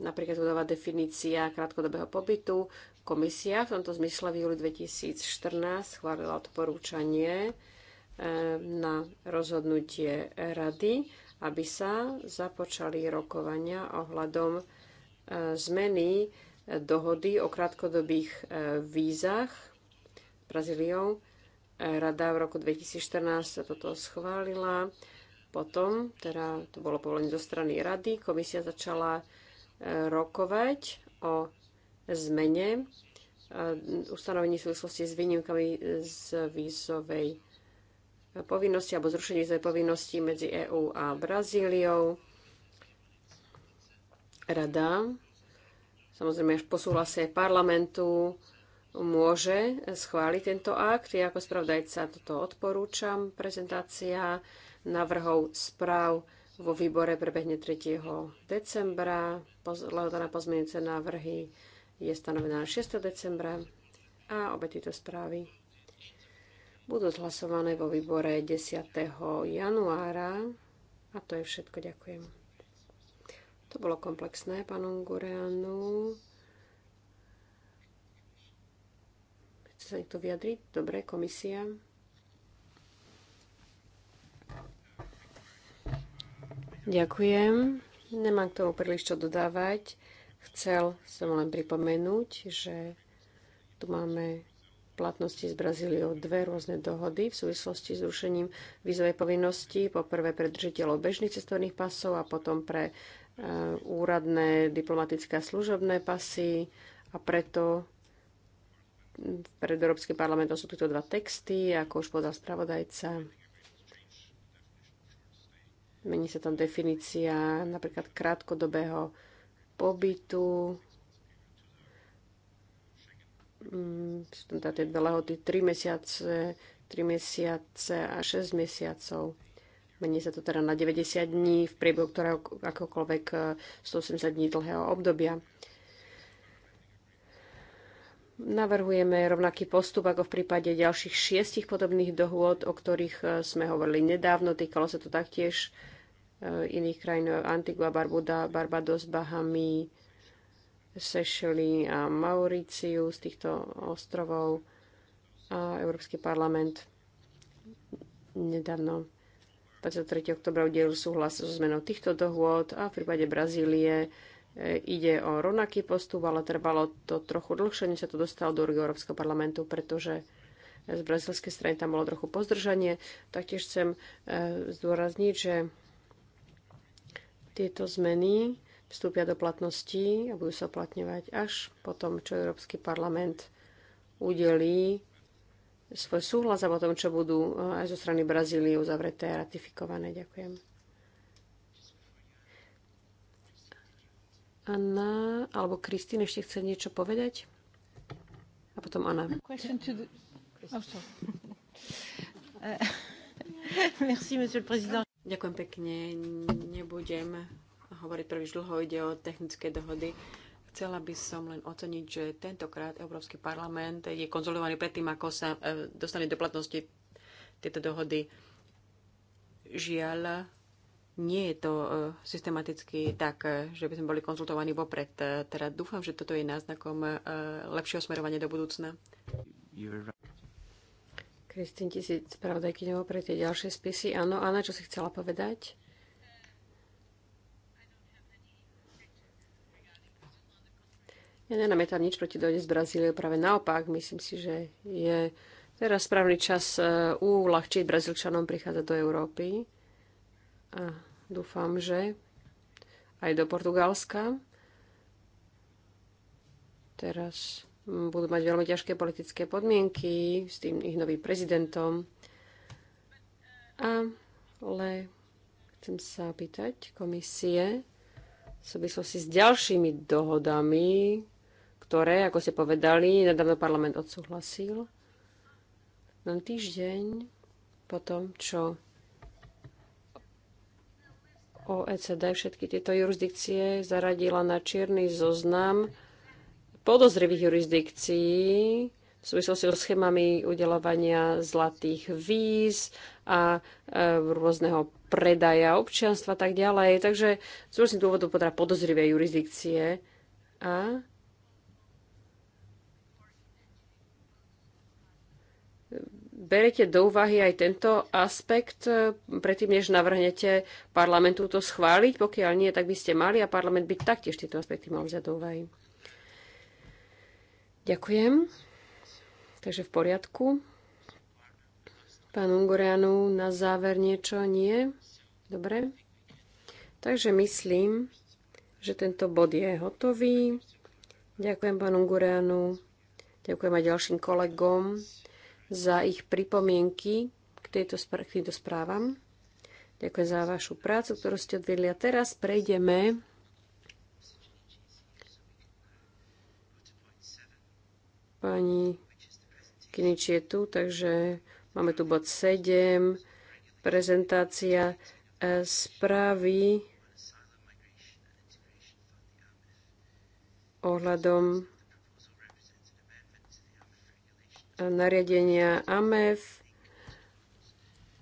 napríklad dodáva definícia krátkodobého pobytu. Komisia v tomto zmysle v júli 2014 schválila odporúčanie na rozhodnutie rady, aby sa započali rokovania ohľadom e, zmeny e, dohody o krátkodobých e, vízach Brazíliou. Rada v roku 2014 sa toto schválila. Potom, teda to bolo povolené zo strany rady, komisia začala rokovať o zmene ustanovení v súvislosti s výnimkami z vízovej povinnosti alebo zrušenie tej povinnosti medzi EÚ a Brazíliou. Rada, samozrejme až po súhlase parlamentu, môže schváliť tento akt. Ja ako spravodajca toto odporúčam. Prezentácia navrhov správ vo výbore prebehne 3. decembra. Lehota na návrhy je stanovená 6. decembra a obe tieto správy budú zhlasované vo výbore 10. januára. A to je všetko. Ďakujem. To bolo komplexné, pán Ungureanu. Chce sa niekto vyjadriť? Dobre, komisia. Ďakujem. Nemám k tomu príliš čo dodávať. Chcel som len pripomenúť, že tu máme platnosti s Brazíliou dve rôzne dohody v súvislosti s rušením vízovej povinnosti, poprvé pre držiteľov bežných cestovných pasov a potom pre e, úradné diplomatické a služobné pasy a preto pred Európskym parlamentom sú tieto dva texty, ako už povedal spravodajca. Mení sa tam definícia napríklad krátkodobého pobytu, tam mm, teda tie dve lehoty 3 mesiace, 3 mesiace a 6 mesiacov. Mení sa to teda na 90 dní v priebehu ktorého akokoľvek 180 e, dní dlhého obdobia. Navrhujeme rovnaký postup ako v prípade ďalších šiestich podobných dohôd, o ktorých e, sme hovorili nedávno. Týkalo sa to taktiež e, iných krajín Antigua, Barbuda, Barbados, Bahamy, Sešely a Mauriciu z týchto ostrovov a Európsky parlament nedávno 23. oktobra udelil súhlas so zmenou týchto dohôd a v prípade Brazílie e, ide o rovnaký postup, ale trvalo to trochu dlhšie, než sa to dostalo do Európskeho parlamentu, pretože z brazilskej strany tam bolo trochu pozdržanie. Taktiež chcem e, zdôrazniť, že tieto zmeny vstúpia do platnosti a budú sa uplatňovať až po tom, čo Európsky parlament udelí svoj súhlas a po tom, čo budú eh, aj zo strany Brazílie uzavreté a ratifikované. Ďakujem. Anna alebo Kristín ešte chce niečo povedať? A potom Anna. Eh, Ďakujem pekne. Nebudem hovoriť príliš dlho, ide o technické dohody. Chcela by som len oceniť, že tentokrát Európsky parlament je konzolidovaný predtým, ako sa e, dostane do platnosti tieto dohody. Žiaľ, nie je to e, systematicky tak, e, že by sme boli konzultovaní vopred. Teda dúfam, že toto je náznakom lepšieho smerovania do budúcna. Kristín, ti si spravodajkyňou pre tie ďalšie spisy. Áno, Anna, čo si chcela povedať? Ja nenamietam nič proti dojde z Brazílie, práve naopak, myslím si, že je teraz správny čas e, uľahčiť Brazílčanom prichádzať do Európy. A dúfam, že aj do Portugalska. Teraz budú mať veľmi ťažké politické podmienky s tým ich novým prezidentom. Ale chcem sa pýtať komisie v súvislosti s ďalšími dohodami, ktoré, ako ste povedali, nedávno parlament odsúhlasil. Len týždeň po tom, čo OECD všetky tieto jurisdikcie zaradila na čierny zoznam podozrivých jurisdikcií v súvislosti so schémami udelovania zlatých víz a e, rôzneho predaja občianstva a tak ďalej. Takže z rôznych dôvodov podozrivé jurisdikcie a berete do úvahy aj tento aspekt e, predtým, než navrhnete parlamentu to schváliť? Pokiaľ nie, tak by ste mali a parlament by taktiež tieto aspekty mal vziať do úvahy. Ďakujem. Takže v poriadku. Pán Ungoreanu, na záver niečo? Nie? Dobre. Takže myslím, že tento bod je hotový. Ďakujem pánu Ungoreanu. Ďakujem aj ďalším kolegom za ich pripomienky k, tejto, k týmto správam. Ďakujem za vašu prácu, ktorú ste odvedli. A teraz prejdeme pani Kinič je tu, takže máme tu bod 7, prezentácia e, správy ohľadom nariadenia AMEF,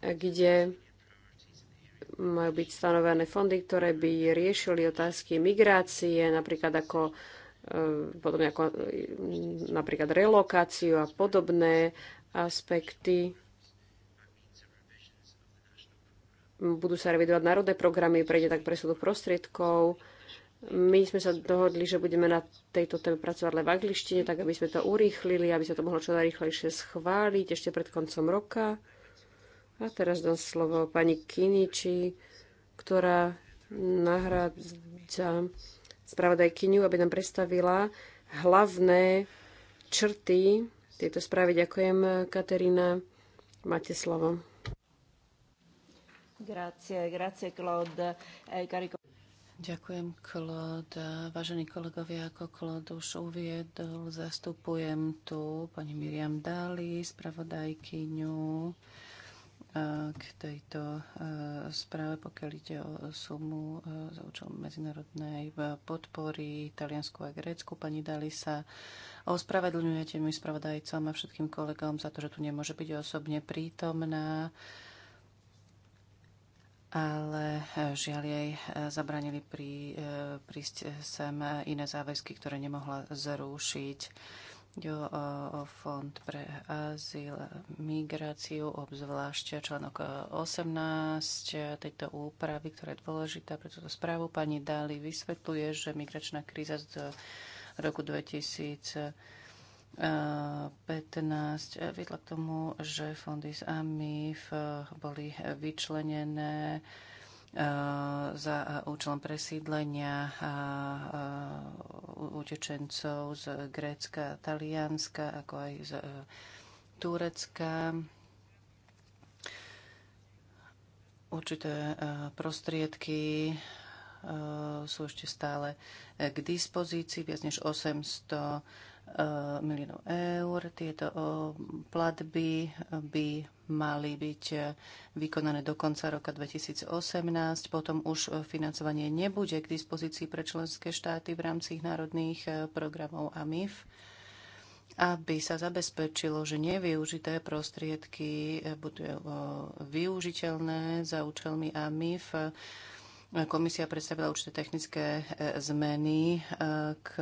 kde majú byť stanovené fondy, ktoré by riešili otázky migrácie, napríklad ako e, podobne ako e, napríklad relokáciu a podobné aspekty. Budú sa revidovať národné programy, prejde tak presudu prostriedkov my sme sa dohodli, že budeme na tejto téme pracovať len v angličtine, tak aby sme to urýchlili, aby sa to mohlo čo najrýchlejšie schváliť ešte pred koncom roka. A teraz dám slovo pani Kiniči, ktorá nahrádza spravodajkyňu, aby nám predstavila hlavné črty tejto správy. Ďakujem, Katerina. Máte slovo. Grazie, grazie Claude. Eh, Ďakujem, Klod. Vážení kolegovia, ako Klod už uviedol, zastupujem tu pani Miriam Dali, spravodajkyňu eh, k tejto eh, správe, pokiaľ ide o sumu eh, za účelom medzinárodnej podpory Taliansku a Grécku. Pani Dali sa ospravedlňujete mi spravodajcom a všetkým kolegom za to, že tu nemôže byť osobne prítomná ale eh, žiaľ jej eh, zabranili prí, eh, prísť sem iné záväzky, ktoré nemohla zrušiť. Jo, o, o Fond pre azyl, migráciu, obzvlášť článok 18 tejto úpravy, ktorá je dôležitá pre túto správu. Pani Dali vysvetľuje, že migračná kríza z roku 2000 15 eh, viedla k tomu, že fondy z AMIF eh, boli vyčlenené eh, za účelom presídlenia utečencov z Grécka, Talianska, ako aj z Turecka. Určité prostriedky sú ešte stále k dispozícii, viac než 800 Eh, miliónov eur. Tieto eh, platby eh, by mali byť vykonané do konca roka 2018. Potom už financovanie nebude k dispozícii pre členské štáty v rámci ich národných programov a MIF, aby sa zabezpečilo, že nevyužité prostriedky budú využiteľné za účelmi AMIF Komisia predstavila určité technické e, zmeny e, k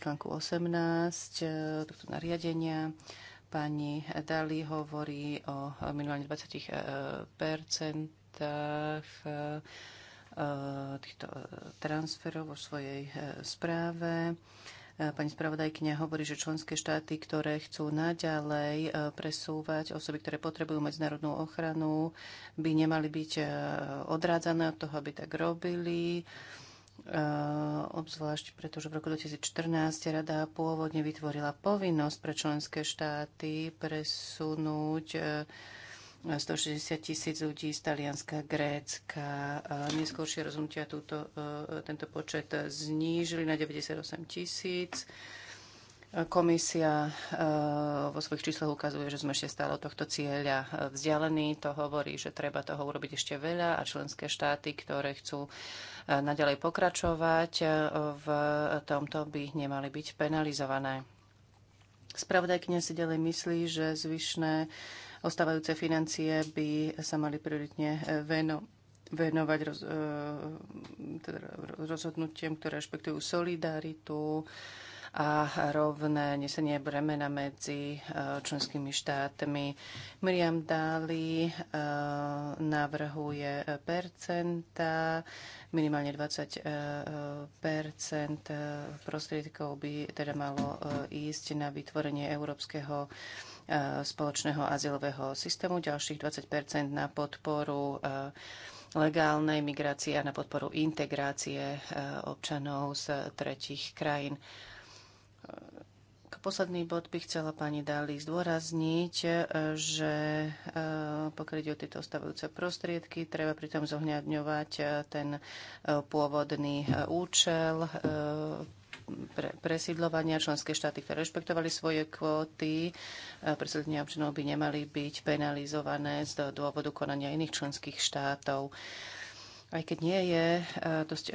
článku 18 e, tohto nariadenia. Pani Dali hovorí o minimálne 20 percentách týchto transferov vo svojej správe. Pani spravodajkynia hovorí, že členské štáty, ktoré chcú naďalej e, presúvať osoby, ktoré potrebujú medzinárodnú ochranu, by nemali byť e, odrádzané od toho, aby tak robili e, obzvlášť pretože v roku 2014 rada pôvodne vytvorila povinnosť pre členské štáty presunúť 160 tisíc ľudí z Talianska, Grécka. Neskôršie rozhodnutia túto, e, tento počet znížili na 98 tisíc. Komisia e, vo svojich číslach ukazuje, že sme ešte stále od tohto cieľa vzdialení. To hovorí, že treba toho urobiť ešte veľa a členské štáty, ktoré chcú e, naďalej pokračovať v tomto, by nemali byť penalizované. Spravodajkňa si ďalej myslí, že zvyšné Ostávajúce financie by sa mali prioritne eh, veno, venovať roz, eh, teda rozhodnutiem, ktoré rešpektujú solidaritu a rovné nesenie bremena medzi eh, členskými štátmi. Miriam Dali navrhuje percenta, minimálne 20 percent prostriedkov by teda malo ísť na vytvorenie európskeho Eh, spoločného azylového systému, ďalších 20 na podporu eh, legálnej migrácie a na podporu integrácie eh, občanov z tretich krajín. Posledný bod by chcela pani Dali zdôrazniť, že pokiaľ ide o tieto ostavujúce prostriedky, treba pritom zohňadňovať ten pôvodný účel pre, presídlovania. Členské štáty, ktoré rešpektovali svoje kvóty presídlenia občanov, by nemali byť penalizované z dôvodu konania iných členských štátov aj keď nie je e, dosť e,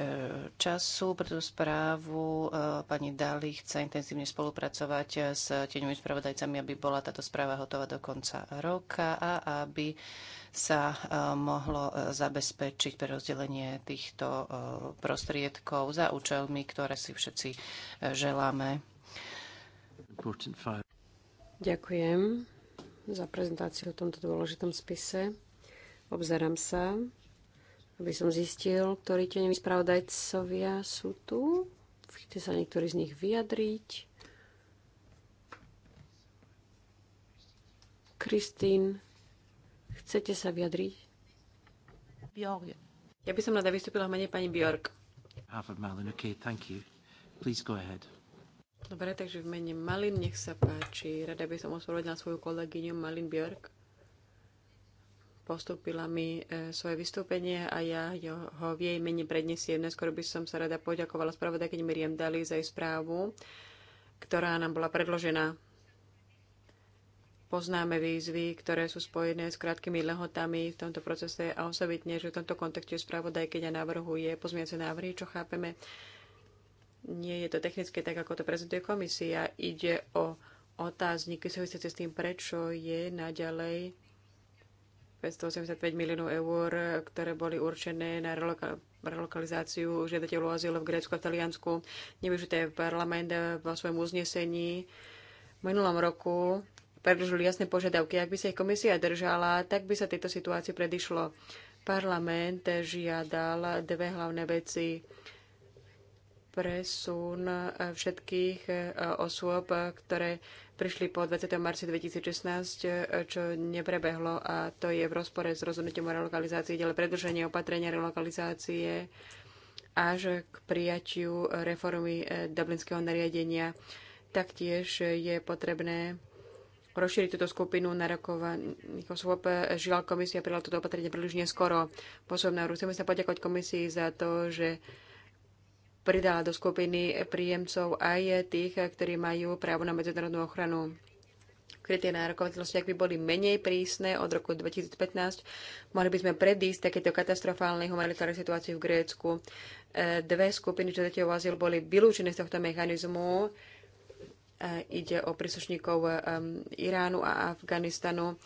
času pre tú správu, e, pani Dali chce intenzívne spolupracovať s tieňovými spravodajcami, aby bola táto správa hotová do konca roka a aby sa mohlo zabezpečiť pre rozdelenie týchto prostriedkov za účelmi, ktoré si všetci želáme. Ďakujem za prezentáciu o tomto dôležitom spise. Obzerám sa aby som zistil, ktorí tieňoví spravodajcovia sú tu. Chcete sa niektorí z nich vyjadriť? Kristín, chcete sa vyjadriť? Björk. Ja by som rada vystúpila v mene pani Björk. Malin, thank you. Please go ahead. Dobre, takže v mene Malin, nech sa páči. Rada by som ospravedlnila svoju kolegyňu Malin Björk postúpila mi e, svoje vystúpenie a ja ho v jej mene prednesiem. Neskôr by som sa rada poďakovala spravodajke Miriam Dali za jej správu, ktorá nám bola predložená. Poznáme výzvy, ktoré sú spojené s krátkými lehotami v tomto procese a osobitne, že v tomto kontexte spravodajkyňa navrhuje pozmiace návrhy, čo chápeme. Nie je to technické tak, ako to prezentuje komisia. Ide o otázniky súvisiace s tým, prečo je naďalej 585 miliónov eur, ktoré boli určené na relokalizáciu žiadateľov azylu v Grécku a v Taliansku. Nevyžité parlament vo svojom uznesení v minulom roku predlžili jasné požiadavky. Ak by sa ich komisia držala, tak by sa tejto situácii predišlo. Parlament žiadal dve hlavné veci presun všetkých eh, osôb, ktoré prišli po 20. marci 2016, eh, čo neprebehlo a to je v rozpore s rozhodnutím o relokalizácii, ale predlženie opatrenia relokalizácie až k prijatiu reformy eh, Dublinského nariadenia. Taktiež je potrebné rozšíriť túto skupinu na rokovaných osôb. Žiaľ, komisia prijala toto opatrenie príliš neskoro. posobná chceme sa poďakovať komisii za to, že pridala do skupiny príjemcov aj tých, ktorí majú právo na medzinárodnú ochranu. Kritie nárokovateľnosti, ak by boli menej prísne od roku 2015, mohli by sme predísť takéto katastrofálnej humanitárnej situácii v Grécku. E, dve skupiny žiadateľov o azyl boli vylúčené z tohto mechanizmu. E, ide o príslušníkov e, Iránu a Afganistanu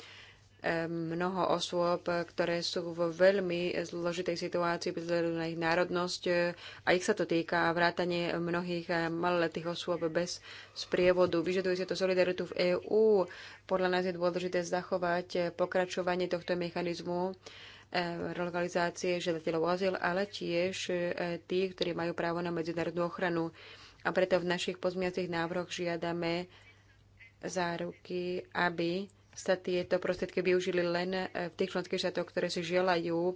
mnoho osôb, ktoré sú vo veľmi zložitej situácii bez na ich národnosť a ich sa to týka vrátanie mnohých maloletých osôb bez sprievodu. Vyžaduje sa to solidaritu v EÚ. Podľa nás je dôležité zachovať pokračovanie tohto mechanizmu eh, relokalizácie žiadateľov azyl, ale tiež eh, tých, ktorí majú právo na medzinárodnú ochranu. A preto v našich pozmiacich návrhoch žiadame záruky, aby sa tieto prostriedky využili len eh, v tých členských štátoch, ktoré si želajú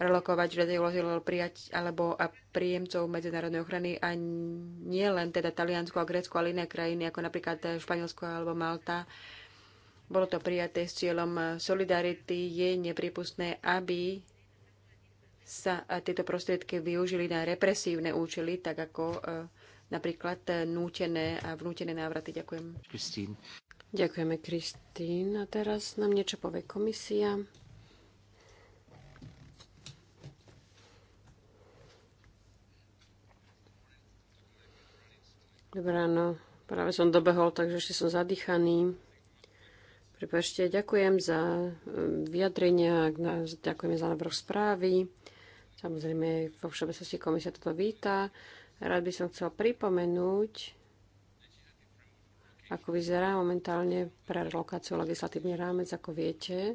relokovať žiadateľov prijať alebo a príjemcov medzinárodnej ochrany a nie len teda Taliansko a Grécko, ale iné krajiny ako napríklad eh, Španielsko alebo Malta. Bolo to prijaté s cieľom eh, solidarity. Je nepripustné, aby sa tieto prostriedky využili na represívne účely, tak ako napríklad nútené a vnútené návraty. Ďakujem. Christine. Ďakujeme, Kristýn. A teraz nám niečo povie komisia. Dobré ráno. Práve som dobehol, takže ešte som zadýchaný. Prepašte, ďakujem za um, vyjadrenia, ďakujeme za návrh správy. Samozrejme, vo všeobecnosti komisia toto víta. Rád by som chcel pripomenúť, ako vyzerá momentálne pre relokáciu legislatívny rámec, ako viete. E,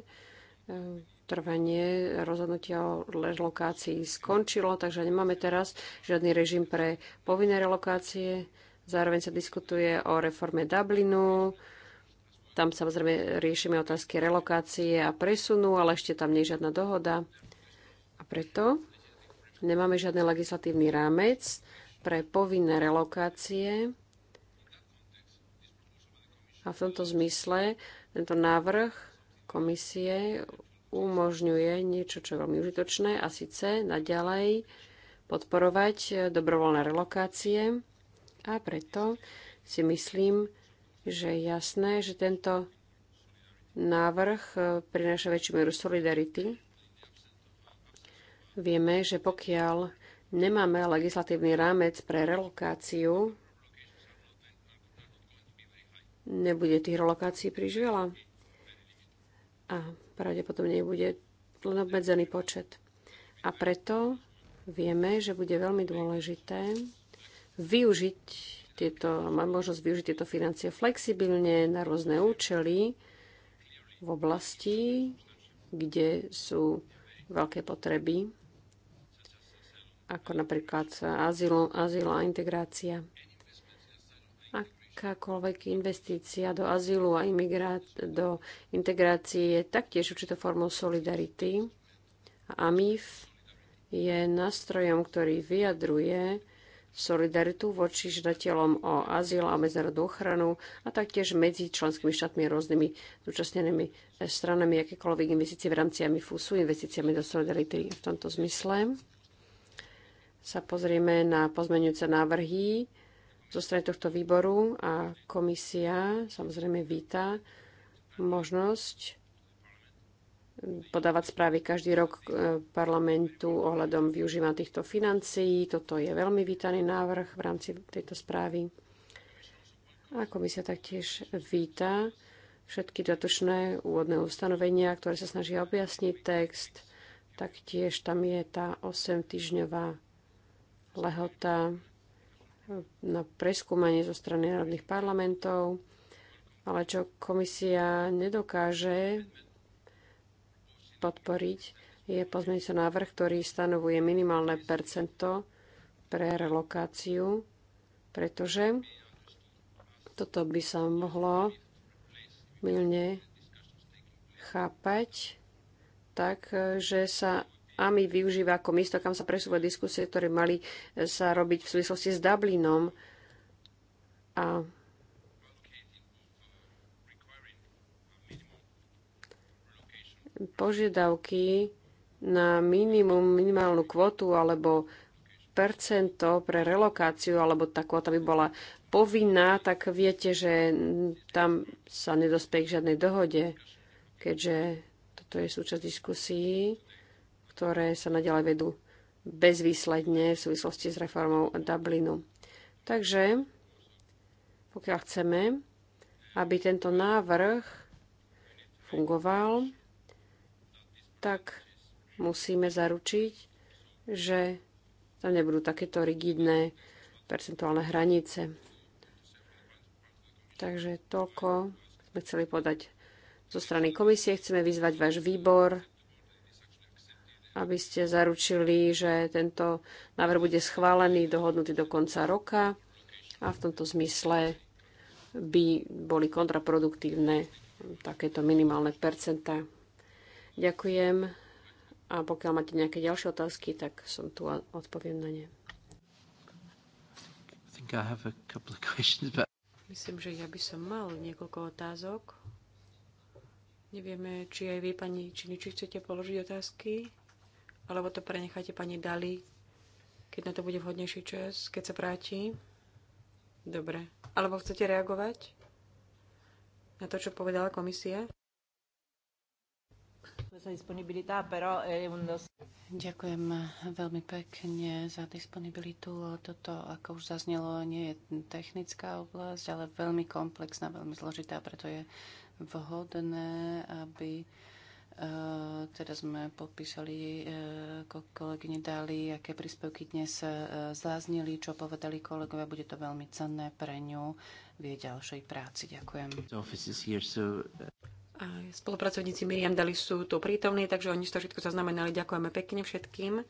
trvanie rozhodnutia o relokácii skončilo, takže nemáme teraz žiadny režim pre povinné relokácie. Zároveň sa diskutuje o reforme Dublinu. Tam samozrejme riešime otázky relokácie a presunu, ale ešte tam nie je žiadna dohoda. A preto nemáme žiadny legislatívny rámec pre povinné relokácie a v tomto zmysle tento návrh komisie umožňuje niečo, čo je veľmi užitočné a síce naďalej podporovať dobrovoľné relokácie a preto si myslím, že je jasné, že tento návrh prináša väčšiu mieru solidarity. Vieme, že pokiaľ nemáme legislatívny rámec pre relokáciu, nebude tých relokácií príliš veľa a pravdepodobne bude len obmedzený počet. A preto vieme, že bude veľmi dôležité využiť tieto, mať možnosť využiť tieto financie flexibilne na rôzne účely v oblasti, kde sú veľké potreby, ako napríklad azyl, azyl a integrácia akákoľvek investícia do azylu a imigrát, do integrácie je taktiež určitou formou solidarity. A AMIF je nástrojom, ktorý vyjadruje solidaritu voči žiadateľom o azyl a medzinárodnú ochranu a taktiež medzi členskými štátmi a rôznymi zúčastnenými stranami akékoľvek investície v rámci AMIFu sú investíciami do solidarity v tomto zmysle. Sa pozrieme na pozmeňujúce návrhy zo strany tohto výboru a komisia samozrejme víta možnosť podávať správy každý rok e, parlamentu ohľadom využívaní týchto financií. Toto je veľmi vítaný návrh v rámci tejto správy. A komisia taktiež víta všetky dotočné úvodné ustanovenia, ktoré sa snažia objasniť text. Taktiež tam je tá 8-týždňová lehota na preskúmanie zo strany národných parlamentov, ale čo komisia nedokáže podporiť, je pozmeňujúci návrh, ktorý stanovuje minimálne percento pre relokáciu, pretože toto by sa mohlo milne chápať tak, že sa a my využíva ako miesto, kam sa presúva diskusie, ktoré mali e, sa robiť v súvislosti s Dublinom. A požiadavky na minimum, minimálnu kvotu alebo percento pre relokáciu, alebo tá kvota by bola povinná, tak viete, že tam sa nedospie k žiadnej dohode, keďže toto je súčasť diskusí ktoré sa naďalej vedú bezvýsledne v súvislosti s reformou Dublinu. Takže, pokiaľ chceme, aby tento návrh fungoval, tak musíme zaručiť, že tam nebudú takéto rigidné percentuálne hranice. Takže toľko sme chceli podať zo strany komisie. Chceme vyzvať váš výbor, aby ste zaručili, že tento návrh bude schválený, dohodnutý do konca roka a v tomto zmysle by boli kontraproduktívne takéto minimálne percentá. Ďakujem a pokiaľ máte nejaké ďalšie otázky, tak som tu a odpoviem na ne. Myslím, že ja by som mal niekoľko otázok. Nevieme, či aj vy, pani Čini, či chcete položiť otázky alebo to prenechajte pani Dali, keď na to bude vhodnejší čas, keď sa práti. Dobre. Alebo chcete reagovať na to, čo povedala komisia? Ďakujem veľmi pekne za disponibilitu. Toto, ako už zaznelo, nie je technická oblasť, ale veľmi komplexná, veľmi zložitá, preto je vhodné, aby teda sme popísali, ako eh, kolegyne dali, aké príspevky dnes eh, záznili, čo povedali kolegovia. Bude to veľmi cenné pre ňu v jej ďalšej práci. Ďakujem. A spolupracovníci Miriam Dali sú tu prítomní, takže oni to všetko zaznamenali. Ďakujeme pekne všetkým.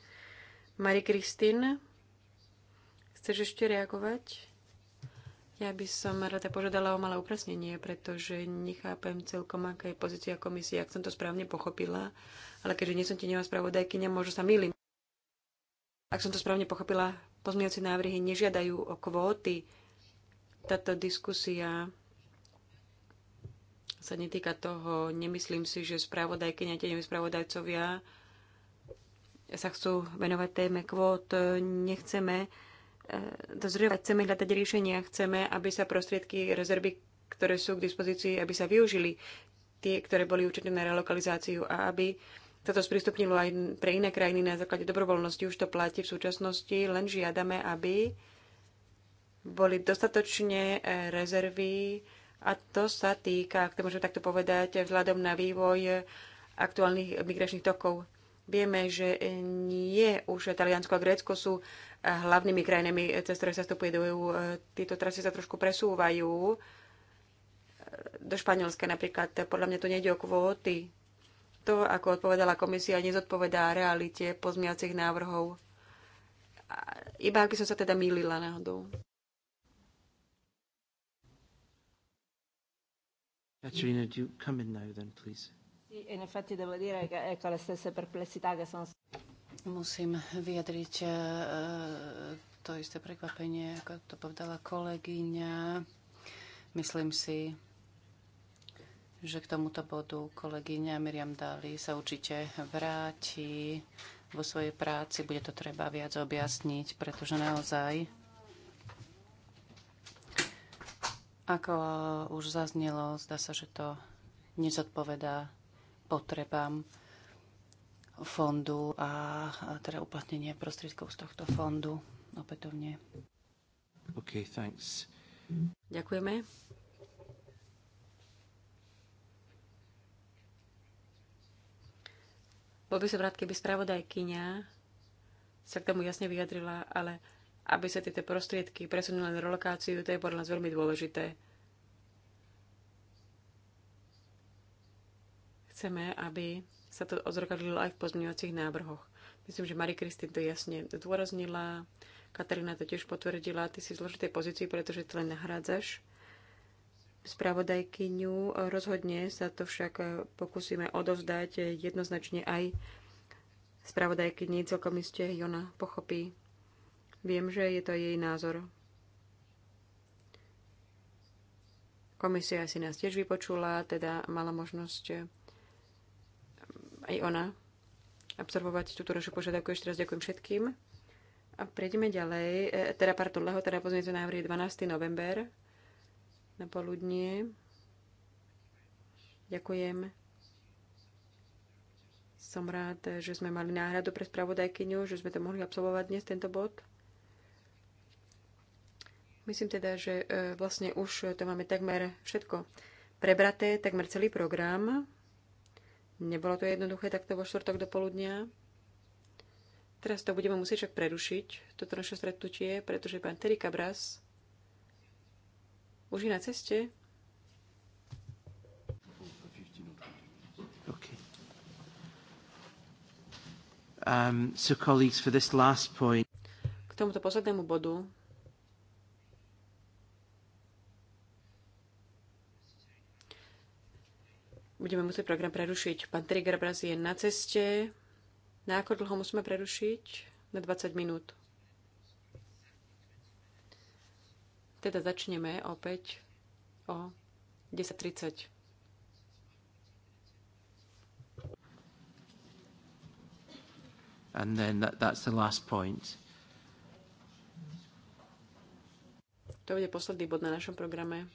marie Kristin, chceš ešte reagovať? Ja by som rada požiadala o malé upresnenie, pretože nechápem celkom, aká je pozícia komisie, ak som to správne pochopila, ale keďže nie som tieňová spravodajkynia, možno sa milím. Ak som to správne pochopila, pozmiaci návrhy nežiadajú o kvóty. Táto diskusia sa netýka toho, nemyslím si, že spravodajkynia, tenoví spravodajcovia sa chcú venovať téme kvót. Nechceme E, dozrievať, chceme hľadať riešenia, chceme, aby sa prostriedky rezervy, ktoré sú k dispozícii, aby sa využili tie, ktoré boli určené na relokalizáciu a aby sa to sprístupnilo aj pre iné krajiny na základe dobrovoľnosti. Už to platí v súčasnosti, len žiadame, aby boli dostatočne e, rezervy a to sa týka, ak to môžem takto povedať, vzhľadom na vývoj aktuálnych migračných tokov Vieme, že nie už Taliansko a Grécko sú eh, hlavnými krajinami, eh, cez ktoré sa vstupuje do EU. Eh, tieto trasy sa trošku presúvajú do Španielska napríklad. Podľa mňa to nejde o kvóty. To, ako odpovedala komisia, nezodpovedá realite pozmiacich návrhov. Iba ak by som sa teda mýlila náhodou. Katrina, do you come in now then, please? Musím vyjadriť eh, to isté prekvapenie, ako to povedala kolegyňa. Myslím si, že k tomuto bodu kolegyňa Miriam Dali sa určite vráti vo svojej práci. Bude to treba viac objasniť, pretože naozaj, ako už zaznelo, zdá sa, že to nezodpovedá potrebám fondu a teda uplatnenie prostriedkov z tohto fondu opätovne. OK, thanks. Ďakujeme. Bol by som rád, keby spravodajkyňa sa k tomu jasne vyjadrila, ale aby sa tieto prostriedky presunuli na relokáciu, to je podľa nás veľmi dôležité. Chceme, aby sa to odzrkadlilo aj v pozmeňovacích návrhoch. Myslím, že Marie Kristin to jasne zdôraznila, Katarína to tiež potvrdila, ty si v zložitej pozícii, pretože ty len nahrádzaš spravodajkyňu. Rozhodne sa to však pokúsime odovzdať jednoznačne aj spravodajkyni. Celkom iste Jona pochopí. Viem, že je to jej názor. Komisia si nás tiež vypočula, teda mala možnosť aj ona absorbovať túto našu požiadavku. Ešte raz ďakujem všetkým. A prejdeme ďalej. E, teda, pardon, leho, teda pozmeňujúce na 12. november na poludnie. Ďakujem. Som rád, že sme mali náhradu pre spravodajkyňu, že sme to mohli absolvovať dnes, tento bod. Myslím teda, že e, vlastne už to máme takmer všetko prebraté, takmer celý program. Nebolo to jednoduché takto vo štvrtok do poludnia. Teraz to budeme musieť však prerušiť, toto naše stretnutie, pretože pán Terry Cabras už je na ceste. Okay. Um, so colleagues, for this last point... K tomuto poslednému bodu budeme musieť program prerušiť. Pán Trigger Braz je na ceste. Na ako dlho musíme prerušiť? Na 20 minút. Teda začneme opäť o 10.30. And then that, that's the last point. To bude posledný bod na našom programe.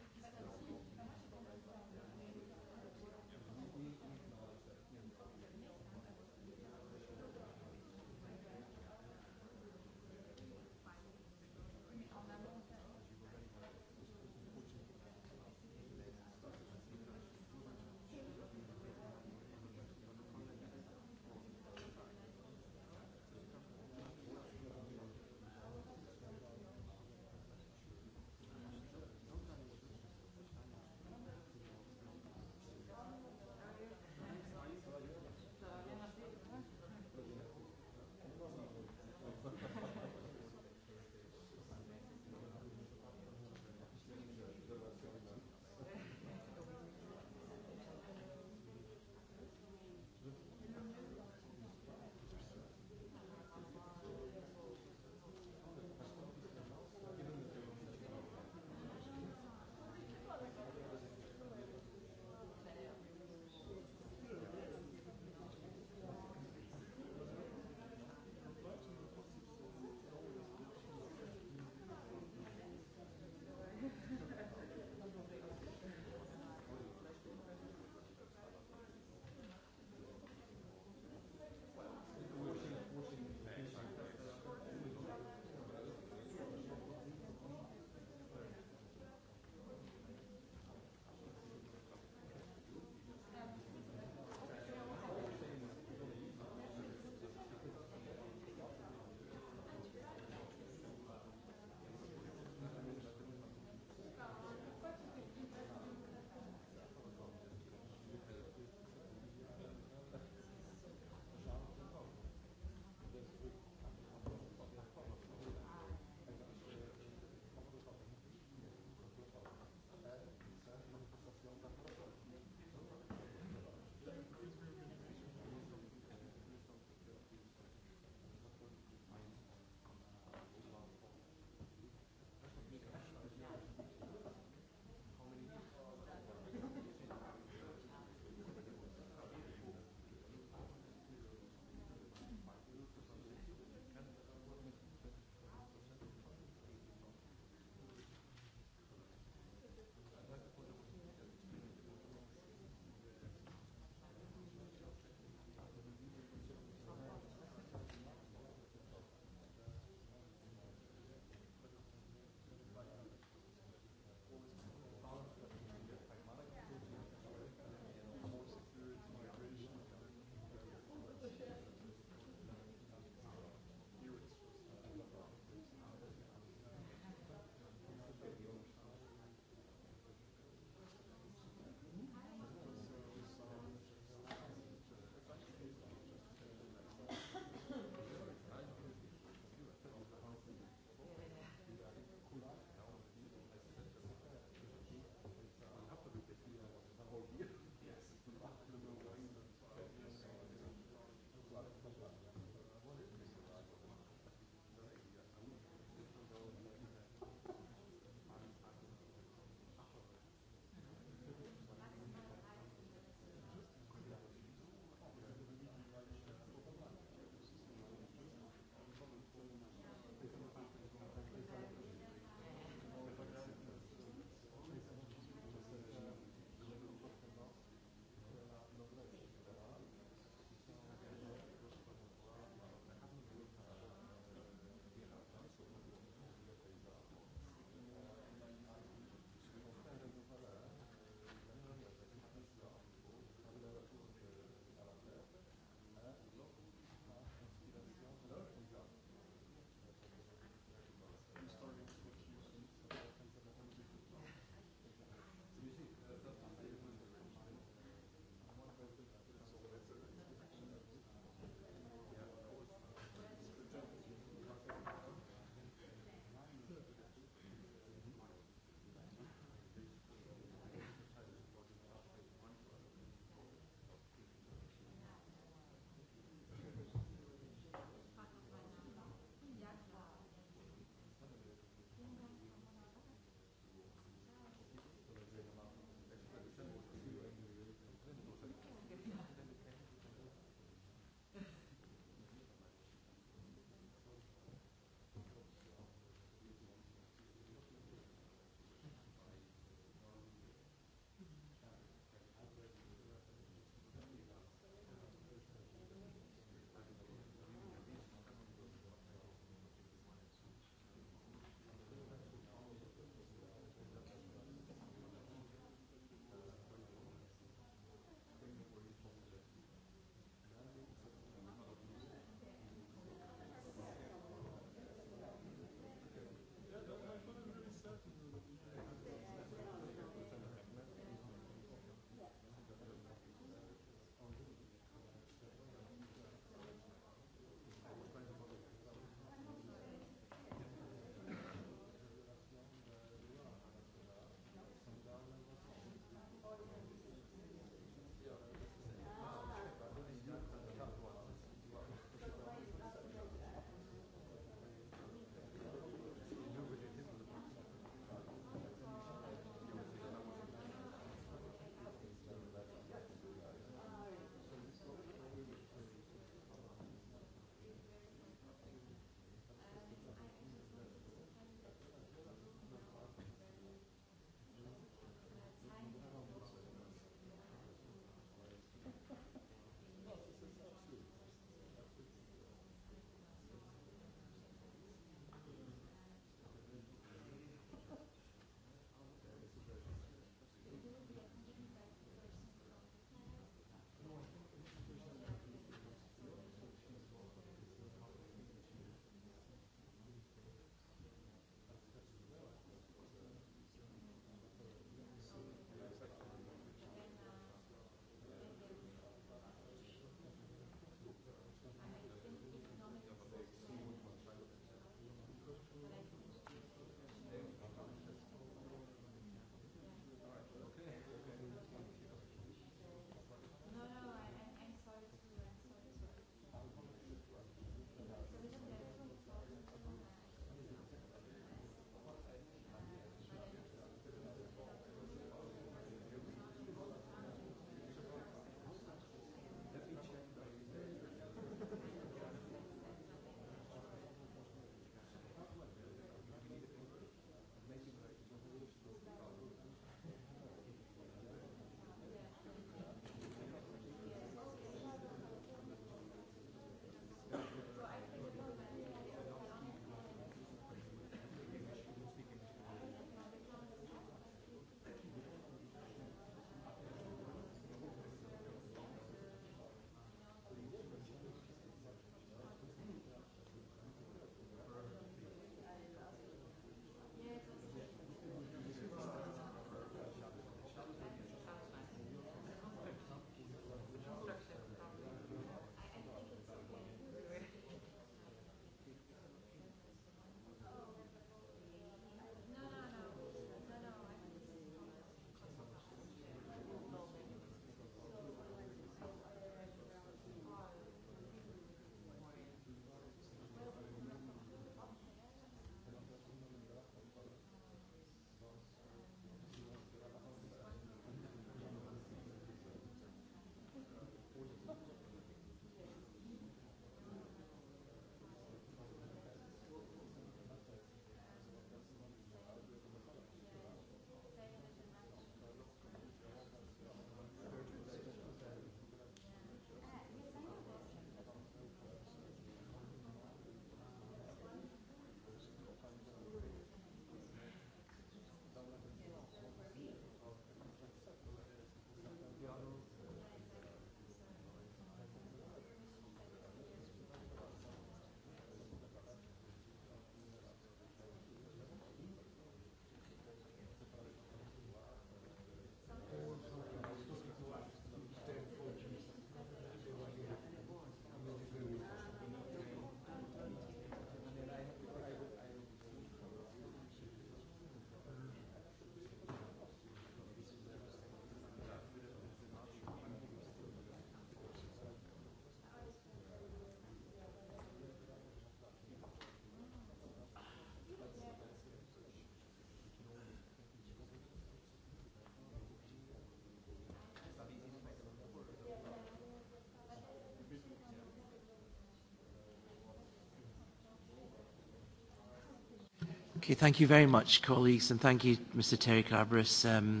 Okay, thank you very much, colleagues, and thank you, Mr. Terry Carbris. Um...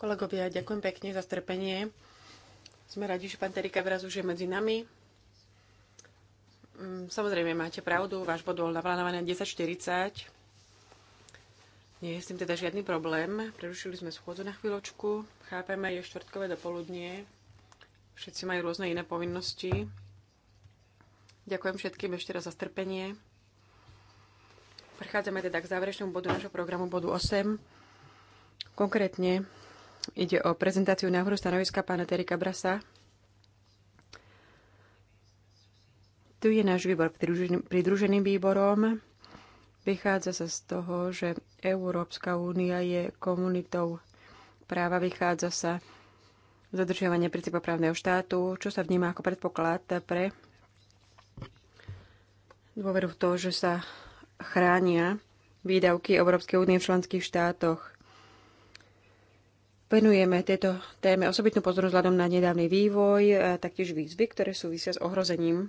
Kolegovia, ďakujem pekne za strpenie. Sme radi, že pán Terry Carbris už je medzi nami. Mm, samozrejme, máte pravdu, váš bod bol naplánovaný na 10.40. Nie je s tým teda žiadny problém. Prerušili sme schôdzu na chvíľočku. Chápeme, je štvrtkové dopoludnie. Všetci majú rôzne iné povinnosti. Ďakujem všetkým ešte raz za strpenie. Prechádzame teda k záverečnému bodu nášho programu, bodu 8. Konkrétne ide o prezentáciu návrhu stanoviska pána Terika Brasa. Tu je náš výbor pridruženým výborom. Vychádza sa z toho, že Európska únia je komunitou práva, vychádza sa zadržiavanie princípa právneho štátu, čo sa vníma ako predpoklad pre dôveru v to, že sa chránia výdavky Európskej únie v členských štátoch. Venujeme tejto téme osobitnú pozornosť vzhľadom na nedávny vývoj, taktiež výzvy, ktoré súvisia s ohrozením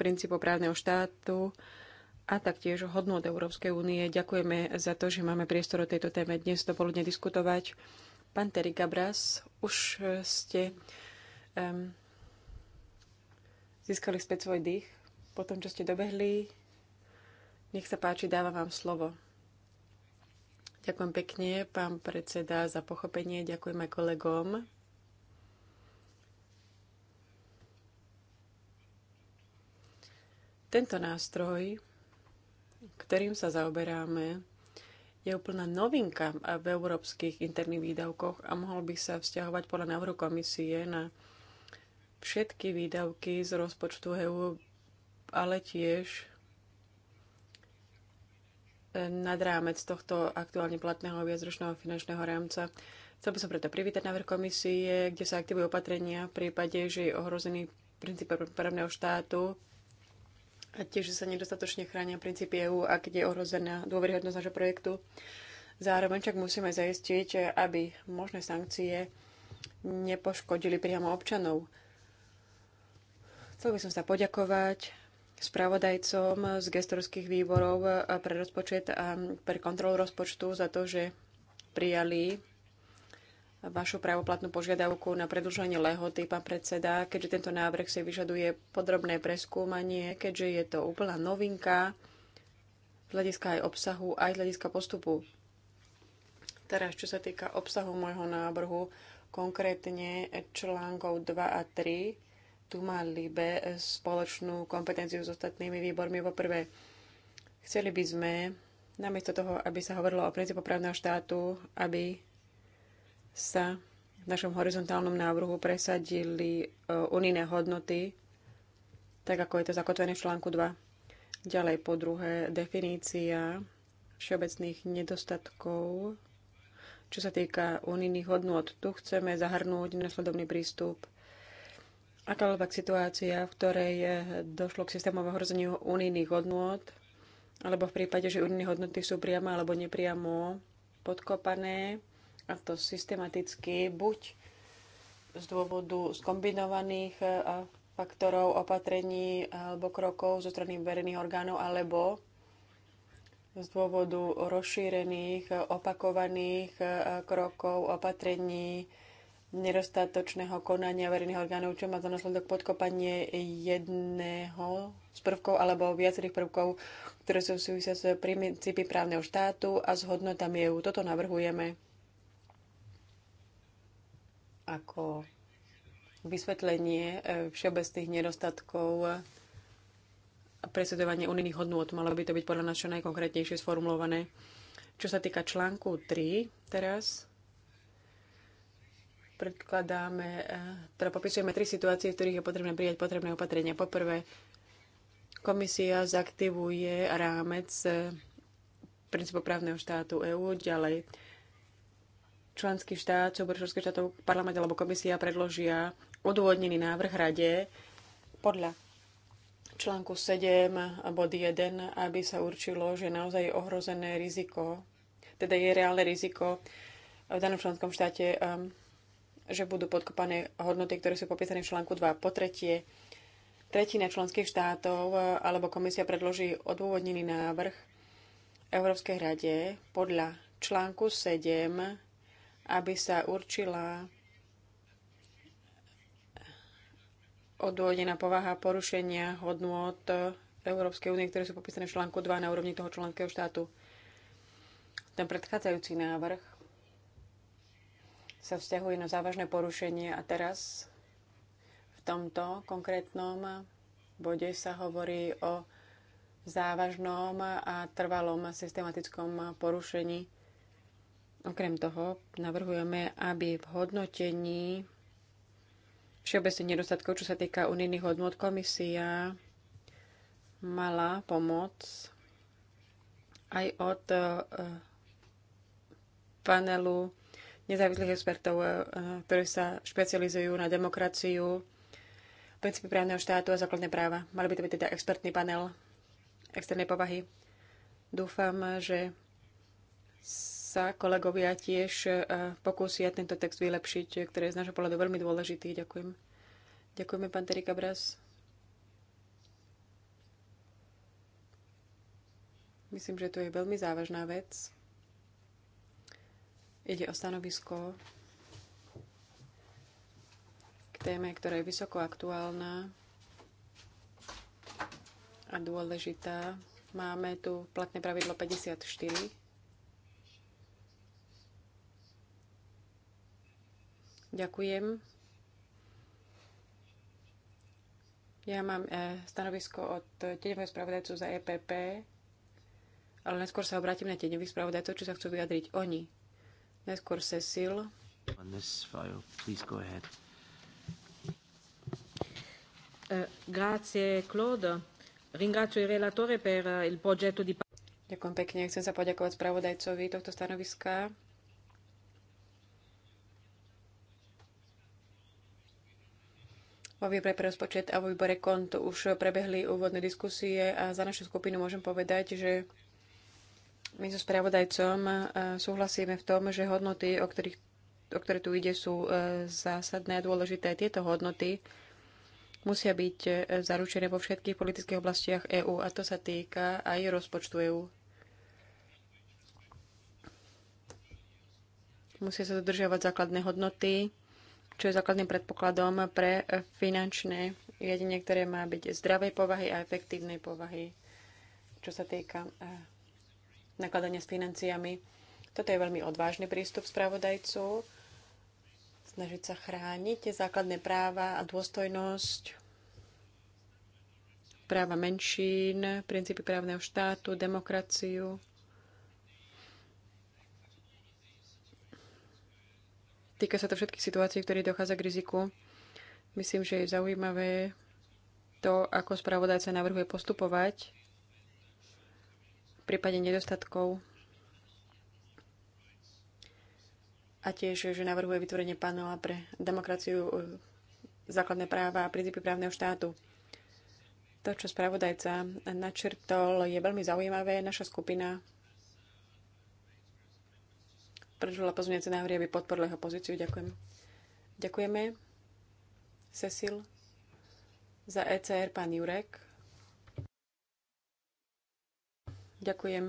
princípov právneho štátu a taktiež hodnú od Európskej únie. Ďakujeme za to, že máme priestor o tejto téme dnes dopoludne diskutovať. Pán Terry Gabras, už ste um, získali späť svoj dých po tom, čo ste dobehli nech sa páči, dávam vám slovo. Ďakujem pekne, pán predseda, za pochopenie. Ďakujem aj kolegom. Tento nástroj, ktorým sa zaoberáme, je úplná novinka v európskych interných výdavkoch a mohol by sa vzťahovať podľa návrhu komisie na všetky výdavky z rozpočtu EÚ, ale tiež nad rámec tohto aktuálne platného viacročného finančného rámca. Chcel by som preto privítať návrh komisie, kde sa aktivujú opatrenia v prípade, že je ohrozený princíp právneho štátu a tiež, že sa nedostatočne chránia princípy EÚ a keď je ohrozená dôveryhodnosť nášho projektu. Zároveň však musíme zaistiť, aby možné sankcie nepoškodili priamo občanov. Chcel by som sa poďakovať spravodajcom z gestorských výborov e, pre rozpočet a pre kontrolu rozpočtu za to, že prijali vašu právoplatnú požiadavku na predlženie lehoty, pán predseda, keďže tento návrh si vyžaduje podrobné preskúmanie, keďže je to úplná novinka z hľadiska aj obsahu, aj z hľadiska postupu. Teraz, čo sa týka obsahu môjho návrhu, konkrétne článkov 2 a 3, tu mali be spoločnú kompetenciu s ostatnými výbormi. Poprvé, chceli by sme, namiesto toho, aby sa hovorilo o princípu právneho štátu, aby sa v našom horizontálnom návrhu presadili e, unijné hodnoty, tak ako je to zakotvené v článku 2. Ďalej po druhé, definícia všeobecných nedostatkov, čo sa týka unijných hodnot. Tu chceme zahrnúť nasledovný prístup akákoľvek situácia, v ktorej eh, došlo k systémovému ohrozeniu unijných hodnôt, alebo v prípade, že unijné hodnoty sú priamo alebo nepriamo podkopané, a to systematicky, buď z dôvodu skombinovaných eh, faktorov, opatrení alebo krokov zo strany verejných orgánov, alebo z dôvodu rozšírených, opakovaných eh, krokov, opatrení, nedostatočného konania verejných orgánov, čo má za následok podkopanie jedného z prvkov alebo viacerých prvkov, ktoré sú súvisia s princípy právneho štátu a s hodnotami EU. Toto navrhujeme ako vysvetlenie e, všeobecných nedostatkov a presedovanie unijných hodnôt. Malo by to byť podľa nás čo najkonkrétnejšie sformulované. Čo sa týka článku 3 teraz, predkladáme, eh, teda popisujeme tri situácie, v ktorých je potrebné prijať potrebné opatrenia. Poprvé, komisia zaktivuje rámec eh, princípu právneho štátu EÚ, ďalej členský štát, súbor členských štátov, parlament alebo komisia predložia odôvodnený návrh rade podľa článku 7 bod 1, aby sa určilo, že naozaj je ohrozené riziko, teda je reálne riziko v danom členskom štáte ehm, že budú podkopané hodnoty, ktoré sú popísané v článku 2. Po tretie, tretina členských štátov e, alebo komisia predloží odôvodnený návrh Európskej rade podľa článku 7, aby sa určila odôvodnená povaha porušenia hodnôt Európskej únie, ktoré sú popísané v článku 2 na úrovni toho členského štátu. Ten predchádzajúci návrh sa vzťahuje na závažné porušenie a teraz v tomto konkrétnom bode sa hovorí o závažnom a trvalom systematickom porušení. Okrem toho navrhujeme, aby v hodnotení všeobecných nedostatkov, čo sa týka unijných hodnot, komisia mala pomoc aj od eh, panelu nezávislých expertov, e, ktorí sa špecializujú na demokraciu, princípy právneho štátu a základné práva. Mali by to byť teda expertný panel externej povahy. Dúfam, že sa kolegovia tiež e, pokúsia tento text vylepšiť, ktorý je z nášho pohľadu veľmi dôležitý. Ďakujem. Ďakujeme, pán Terry Cabras. Myslím, že to je veľmi závažná vec. Ide o stanovisko k téme, ktorá je vysoko aktuálna a dôležitá. Máme tu platné pravidlo 54. Ďakujem. Ja mám e, stanovisko od tieňového spravodajcu za EPP, ale neskôr sa obrátim na tieňových spravodajcov, či sa chcú vyjadriť oni neskôr Cecil. On this file, please go ahead. Uh, grazie, Claude. Ringrazio il relatore per uh, il progetto di... Ďakujem pekne. Chcem sa poďakovať spravodajcovi tohto stanoviska. Vo výbore pre rozpočet a vo výbore kont už prebehli úvodné diskusie a za našu skupinu môžem povedať, že my so spravodajcom e, súhlasíme v tom, že hodnoty, o, ktorých, o ktoré tu ide, sú e, zásadné a dôležité. Tieto hodnoty musia byť e, zaručené vo všetkých politických oblastiach EÚ a to sa týka aj rozpočtu EÚ. Musia sa dodržiavať základné hodnoty, čo je základným predpokladom pre finančné riadenie, ktoré má byť zdravej povahy a efektívnej povahy, čo sa týka Nakladanie s financiami. Toto je veľmi odvážny prístup spravodajcu, snažiť sa chrániť základné práva a dôstojnosť, práva menšín, princípy právneho štátu, demokraciu. Týka sa to všetkých situácií, ktoré dochádza k riziku. Myslím, že je zaujímavé to, ako spravodajca navrhuje postupovať v prípade nedostatkov a tiež, že navrhuje vytvorenie panela pre demokraciu, e, základné práva a princípy právneho štátu. To, čo spravodajca načrtol, je veľmi zaujímavé. Naša skupina predložila pozmeňujúce návrhy, aby podporila jeho pozíciu. Ďakujem. Ďakujeme. Cecil. Za ECR pán Jurek. Ďakujem.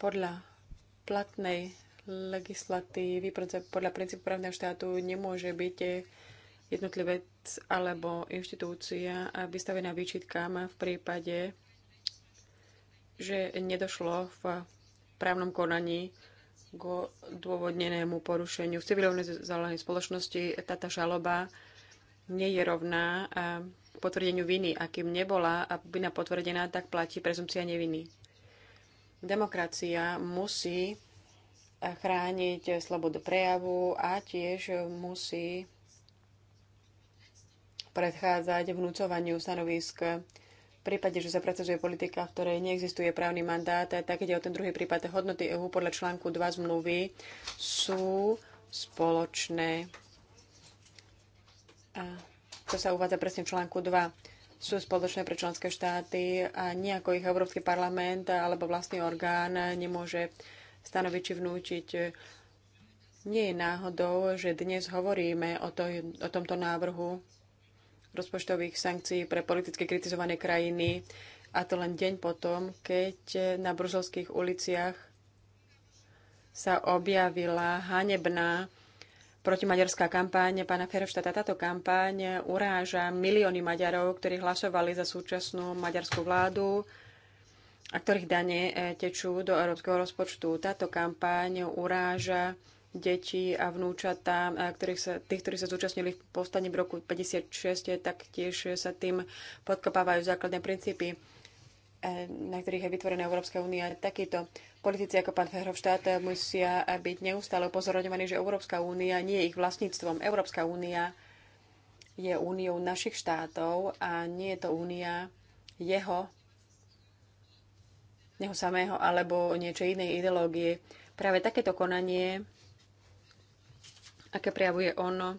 Podľa platnej legislatívy, podľa princípu právneho štátu nemôže byť jednotlivec alebo inštitúcia vystavená výčitkám v prípade, že nedošlo v právnom konaní k dôvodnenému porušeniu. V civilovnej zelenej spoločnosti táto žaloba nie je rovná potvrdeniu viny. A kým nebola a vina potvrdená, tak platí prezumcia neviny. Demokracia musí chrániť slobodu prejavu a tiež musí predchádzať vnúcovaniu stanovisk. V prípade, že sa pracuje politika, v ktorej neexistuje právny mandát, tak ide o ten druhý prípad. Hodnoty EU podľa článku 2 zmluvy sú spoločné. A to sa uvádza presne v článku 2. Sú spoločné pre členské štáty a nejako ich Európsky parlament alebo vlastný orgán nemôže stanoviť či vnúčiť. Nie je náhodou, že dnes hovoríme o, to, o tomto návrhu rozpočtových sankcií pre politicky kritizované krajiny a to len deň potom, keď na bruselských uliciach sa objavila hanebná protimaďarská kampáň pána Ferhofštata. Táto kampáň uráža milióny Maďarov, ktorí hlasovali za súčasnú maďarskú vládu a ktorých dane e, tečú do európskeho rozpočtu. Táto kampáň uráža deti a vnúčatá, e, ktorých sa, tých, ktorí sa zúčastnili v povstaní v roku 1956, taktiež sa tým podkopávajú základné princípy. Eh, na ktorých je vytvorená Európska únia. Takíto politici ako pán Verhofstadt musia byť neustále upozorňovaní, že Európska únia nie je ich vlastníctvom. Európska únia je úniou našich štátov a nie je to únia jeho, neho samého alebo niečo inej ideológie. Práve takéto konanie, aké prejavuje ono,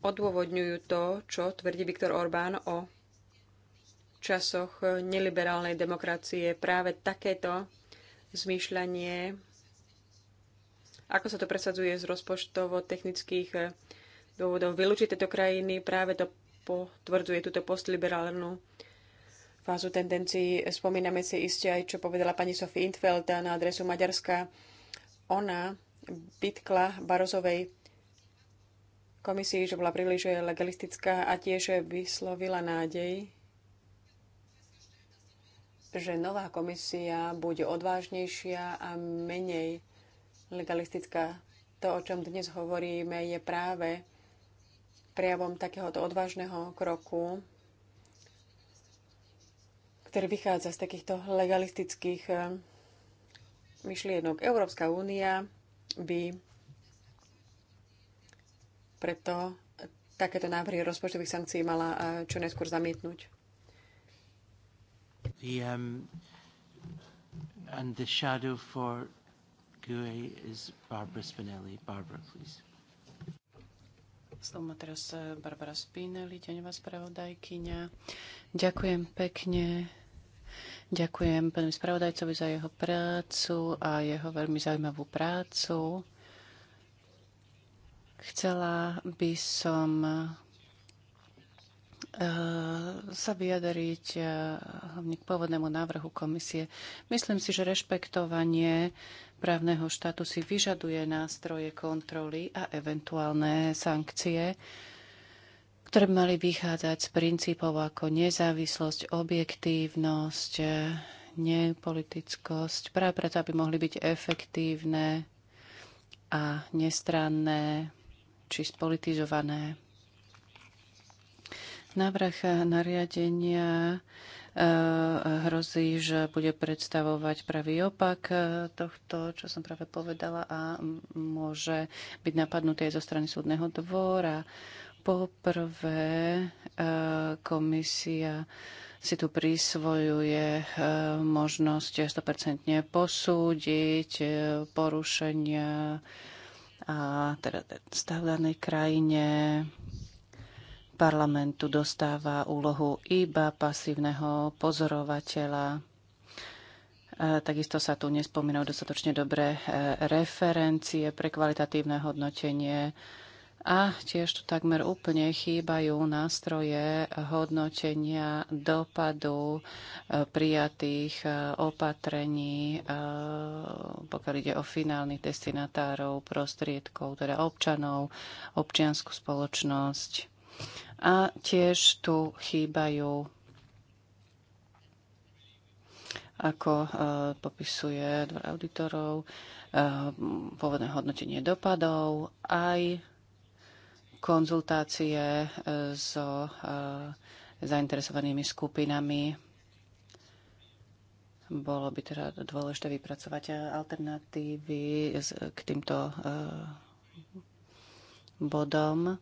odôvodňujú to, čo tvrdí Viktor Orbán o časoch eh, neliberálnej demokracie práve takéto zmýšľanie, ako sa to presadzuje z rozpočtovo-technických eh, dôvodov vylúčiť tieto krajiny, práve to potvrdzuje túto postliberálnu fázu tendencií. Spomíname si iste aj, čo povedala pani Sofie Intfeld na adresu Maďarska. Ona bytkla Barozovej komisii, že bola príliš legalistická a tiež vyslovila nádej, že nová komisia bude odvážnejšia a menej legalistická. To, o čom dnes hovoríme, je práve prejavom takéhoto odvážneho kroku, ktorý vychádza z takýchto legalistických eh, myšlienok. Európska únia by preto takéto návrhy rozpočtových sankcií mala eh, čo neskôr zamietnúť. The, um, and the shadow for GUE is Barbara Spinelli. Barbara, please. Slovo teraz eh, Barbara Spinelli, deňová spravodajkynia. Ďakujem pekne. Ďakujem pánovi spravodajcovi za jeho prácu a jeho veľmi zaujímavú prácu. Chcela by som sa vyjadriť eh, hlavne k pôvodnému návrhu komisie. Myslím si, že rešpektovanie právneho štátu si vyžaduje nástroje kontroly a eventuálne sankcie, ktoré mali vychádzať z princípov ako nezávislosť, objektívnosť, eh, nepolitickosť, práve preto, aby mohli byť efektívne a nestranné či spolitizované. Návrh nariadenia e, hrozí, že bude predstavovať pravý opak e, tohto, čo som práve povedala, a môže byť napadnutý aj zo strany súdneho dvora. Poprvé e, komisia si tu prisvojuje možnosť 100% posúdiť porušenia a teda stav danej krajine, parlamentu dostáva úlohu iba pasívneho pozorovateľa. E, takisto sa tu nespomínajú dostatočne dobré e, referencie pre kvalitatívne hodnotenie a tiež tu takmer úplne chýbajú nástroje hodnotenia dopadu e, prijatých opatrení, pokiaľ ide o finálnych destinatárov, prostriedkov, teda občanov, občianskú spoločnosť a tiež tu chýbajú ako e, popisuje dvor auditorov, e, pôvodné hodnotenie dopadov, aj konzultácie e, so zainteresovanými skupinami. Bolo by teda dôležité vypracovať alternatívy k týmto bodom.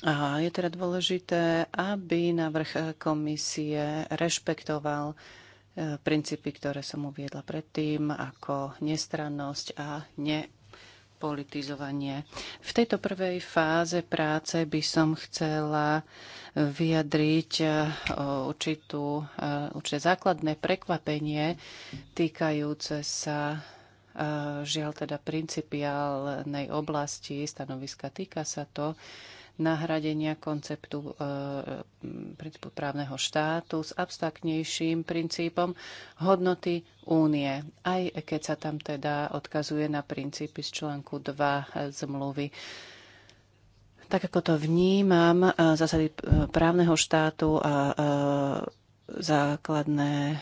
A je teda dôležité, aby návrh eh, komisie rešpektoval eh, princípy, ktoré som uviedla predtým, ako nestrannosť a nepolitizovanie. V tejto prvej fáze práce by som chcela vyjadriť eh, určitú, určité základné prekvapenie týkajúce sa žiaľ teda principiálnej oblasti stanoviska. Týka sa to nahradenia konceptu e, princípu právneho štátu s abstraktnejším princípom hodnoty únie, aj keď sa tam teda odkazuje na princípy z článku 2 e, zmluvy. Tak ako to vnímam, e, zásady právneho štátu a základné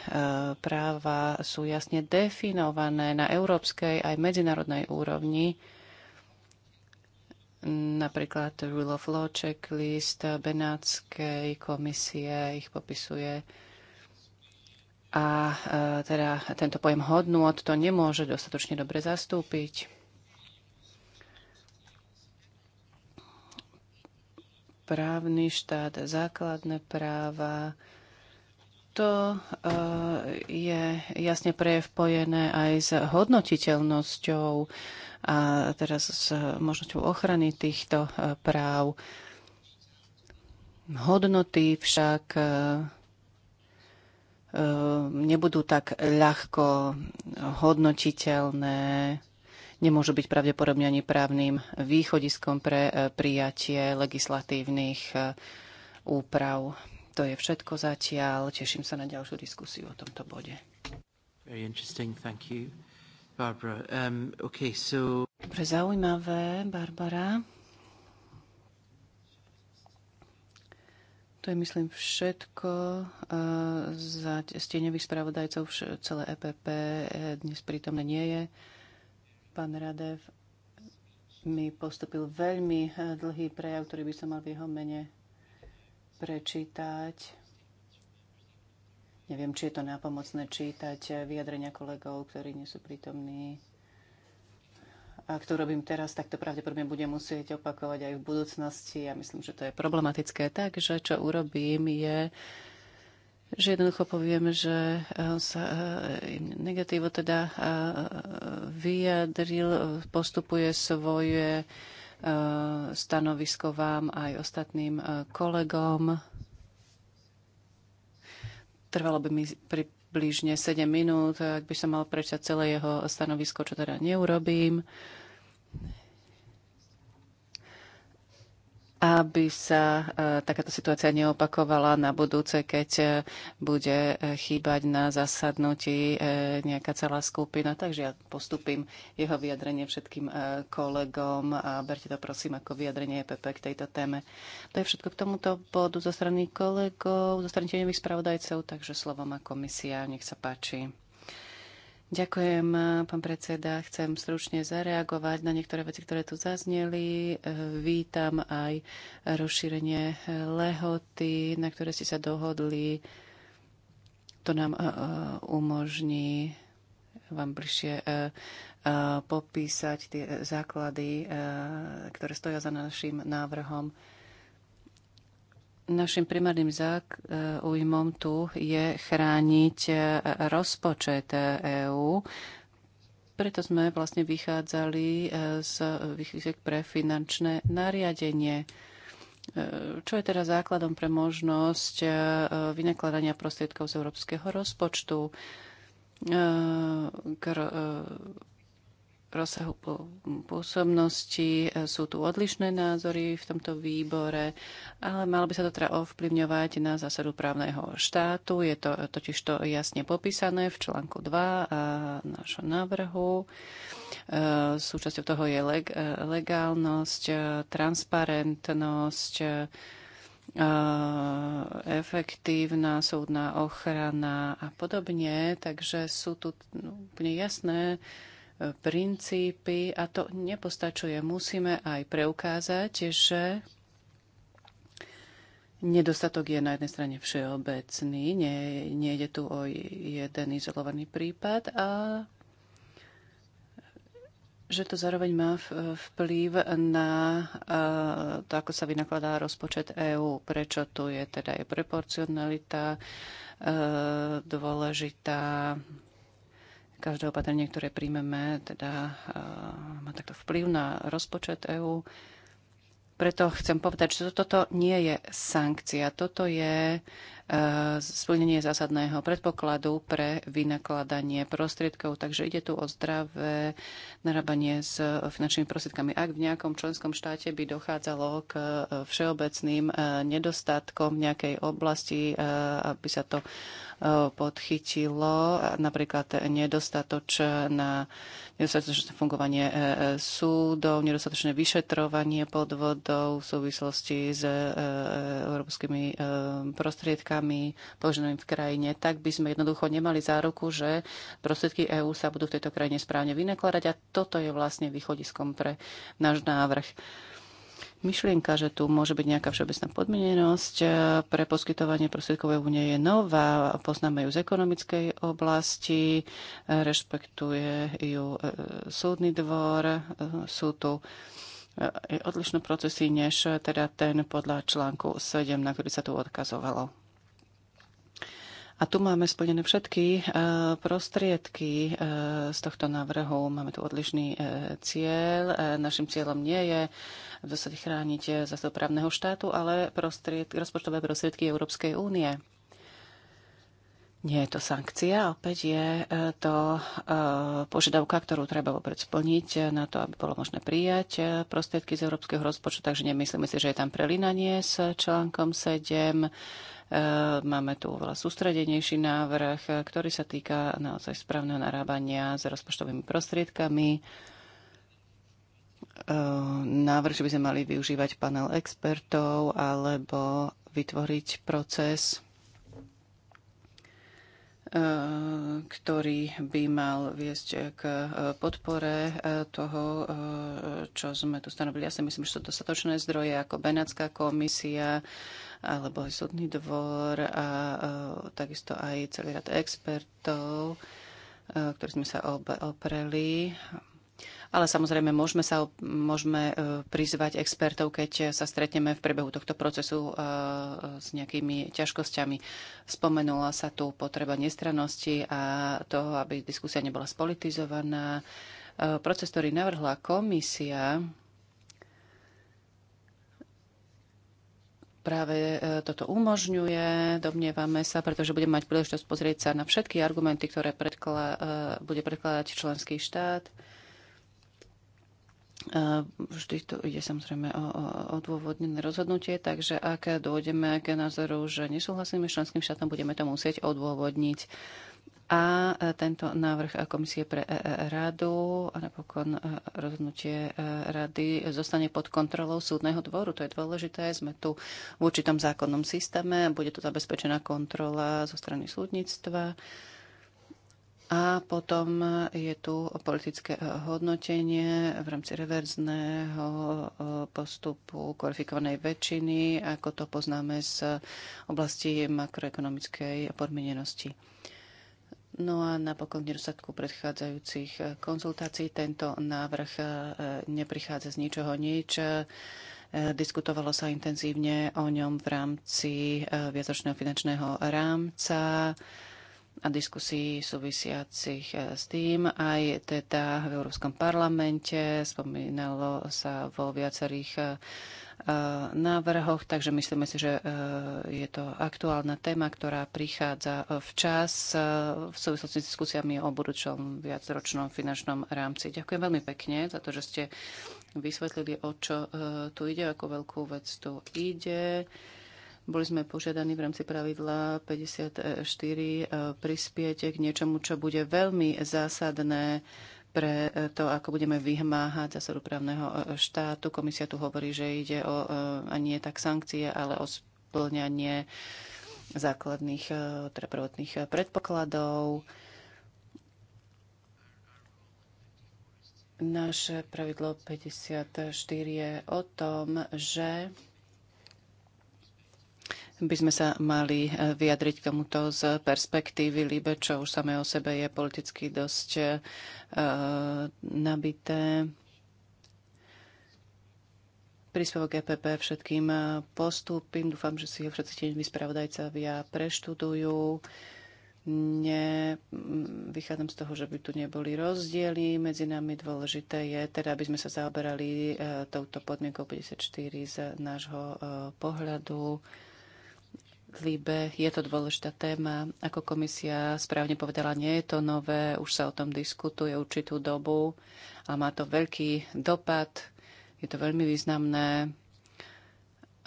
práva sú jasne definované na európskej aj medzinárodnej úrovni Napríklad Rule of Law checklist Benátskej komisie ich popisuje. A e, teda tento pojem hodnôt to nemôže dostatočne dobre zastúpiť. Právny štát, základné práva, to e, je jasne prepojené aj s hodnotiteľnosťou a teraz s možnosťou ochrany týchto e, práv. Hodnoty však e, e, nebudú tak ľahko hodnotiteľné, nemôžu byť pravdepodobne ani právnym východiskom pre prijatie legislatívnych úprav. To je všetko zatiaľ. Teším sa na ďalšiu diskusiu o tomto bode. Very interesting, thank you. Barbara. Um, okay, so... Dobre, zaujímavé, Barbara. To je, myslím, všetko uh, za stieňových spravodajcov. celé EPP eh, dnes prítomne nie je. Pán Radev mi postupil veľmi eh, dlhý prejav, ktorý by som mal v jeho mene prečítať. Neviem, či je to nápomocné čítať vyjadrenia kolegov, ktorí nie sú prítomní. Ak to robím teraz, tak to pravdepodobne budem musieť opakovať aj v budúcnosti. Ja myslím, že to je problematické. Takže čo urobím je, že jednoducho poviem, že e, sa e, negatívo teda e, vyjadril, postupuje svoje stanovisko vám aj ostatným kolegom. Trvalo by mi približne 7 minút, ak by som mal prečať celé jeho stanovisko, čo teda neurobím aby sa e, takáto situácia neopakovala na budúce, keď e, bude e, chýbať na zasadnutí nejaká celá skupina. Takže ja postupím jeho vyjadrenie všetkým kolegom a berte to prosím ako vyjadrenie EPP k tejto téme. To je všetko k tomuto bodu zo strany kolegov, zo strany tieňových spravodajcov, takže slovo má komisia. Nech sa páči. Ďakujem, pán predseda. Chcem stručne zareagovať na niektoré veci, ktoré tu zazneli. E, vítam aj rozšírenie lehoty, na ktoré ste sa dohodli. To nám e, e, umožní vám bližšie popísať tie základy, ktoré stoja za našim návrhom. Našim primárnym záujmom tu je chrániť e, rozpočet EÚ. E Preto sme vlastne vychádzali e, z výchylek pre finančné nariadenie. Čo je teda základom pre možnosť vynakladania prostriedkov z európskeho rozpočtu? K rozsahu pôsobnosti. E, sú tu odlišné názory v tomto výbore, ale malo by sa to teda ovplyvňovať na zásadu právneho štátu. Je to totiž to jasne popísané v článku 2 a našom návrhu. E, súčasťou toho je leg- e, legálnosť, transparentnosť, efektívna súdna ochrana a podobne. Takže sú tu no, úplne jasné princípy a to nepostačuje. Musíme aj preukázať, že nedostatok je na jednej strane všeobecný, nie, nie ide tu o jeden izolovaný prípad a že to zároveň má vplyv na to, ako sa vynakladá rozpočet EÚ. Prečo tu je teda je proporcionalita dôležitá, každé opatrenie, ktoré príjmeme, teda eh, má takto vplyv na rozpočet EÚ. Preto chcem povedať, že toto nie je sankcia, toto je uh, E, splnenie zásadného predpokladu pre vynakladanie prostriedkov. Takže ide tu o zdravé narábanie s finančnými prostriedkami. Ak v nejakom členskom štáte by dochádzalo k e, všeobecným e, nedostatkom nejakej oblasti, aby sa to podchytilo, napríklad nedostatočná nedostatočné fungovanie e, e, súdov, nedostatočné vyšetrovanie podvodov v súvislosti s e, európskymi prostriedkami položenými v krajine, tak by sme jednoducho nemali záruku, že prostriedky EÚ sa budú v tejto krajine správne vynakladať a toto je vlastne východiskom pre náš návrh myšlienka, že tu môže byť nejaká všeobecná podmienenosť e, pre poskytovanie prostriedkovej únie je nová. Poznáme ju z ekonomickej oblasti, e, rešpektuje ju e, súdny dvor, sú tu odlišné procesy než teda ten podľa článku 7, na ktorý sa tu odkazovalo. A tu máme splnené všetky e, prostriedky e, z tohto návrhu. Máme tu odlišný e, cieľ. Našim cieľom nie je v zásade chrániť zásad právneho štátu, ale prostried, rozpočtové prostriedky Európskej únie. Nie je to sankcia, opäť je to požiadavka, ktorú treba vopred splniť na to, aby bolo možné prijať prostriedky z európskeho rozpočtu, takže nemyslíme si, že je tam prelinanie s článkom 7 Eh, máme tu oveľa sústredenejší návrh, eh, ktorý sa týka naozaj správneho narábania s rozpočtovými prostriedkami. Eh, návrh, že by sme mali využívať panel expertov alebo vytvoriť proces Eh, ktorý by mal viesť k eh, podpore eh, toho, čo sme tu stanovili. Ja si myslím, že sú dostatočné zdroje ako Benátska komisia alebo aj súdny dvor a takisto aj celý rad expertov, ktorí sme sa opreli ale samozrejme môžeme, sa, môžeme e, prizvať expertov, keď sa stretneme v priebehu tohto procesu e, e, s nejakými ťažkosťami. Spomenula sa tu potreba nestrannosti a toho, aby diskusia nebola spolitizovaná. Proces, ktorý navrhla komisia, práve toto umožňuje, domnievame sa, pretože budeme mať príležitosť pozrieť sa na všetky argumenty, ktoré predkla, bude predkladať členský štát. Vždy tu ide samozrejme o odôvodnené rozhodnutie, takže ak dôjdeme k názoru, že nesúhlasíme s členským štátom, budeme to musieť odôvodniť. A tento návrh komisie pre e, e, radu a napokon e, rozhodnutie rady zostane pod kontrolou súdneho dvoru. To je dôležité. Sme tu v určitom zákonnom systéme. Bude tu zabezpečená kontrola zo strany súdnictva a potom je tu politické hodnotenie v rámci reverzného e, postupu kvalifikovanej väčšiny, ako to poznáme z oblasti makroekonomickej podmienenosti. No a napokon v nedostatku predchádzajúcich konzultácií tento návrh e, neprichádza z ničoho nič. E, diskutovalo sa intenzívne o ňom v rámci viacročného finančného rámca a diskusí súvisiacich eh, s tým. Aj teda v Európskom parlamente spomínalo sa vo viacerých eh, eh, návrhoch, takže myslíme si, že je to aktuálna téma, ktorá prichádza včas v súvislosti s diskusiami o budúčom viacročnom finančnom rámci. Ďakujem veľmi pekne za to, že ste vysvetlili, o čo tu ide, ako veľkú vec tu ide. Boli sme požiadaní v rámci pravidla 54 e, prispieť k niečomu, čo bude veľmi zásadné pre e, to, ako budeme vymáhať zásadu právneho e, štátu. Komisia tu hovorí, že ide o a nie tak sankcie, ale o splňanie základných, teda prvotných predpokladov. Naše pravidlo 54 je o tom, že by sme sa mali e, vyjadriť k tomuto z perspektívy Libe, čo už samé o sebe je politicky dosť uh, nabité. Príspevok EPP všetkým e, postupím, Dúfam, že si ho všetci tieňoví spravodajcovia preštudujú. Ne, mm, vychádzam z toho, že by tu neboli rozdiely medzi nami. Dôležité je teda, aby sme sa zaoberali touto podmienkou 54 z nášho pohľadu. Libe je to dôležitá téma. Ako komisia správne povedala, nie je to nové, už sa o tom diskutuje určitú dobu, a má to veľký dopad, je to veľmi významné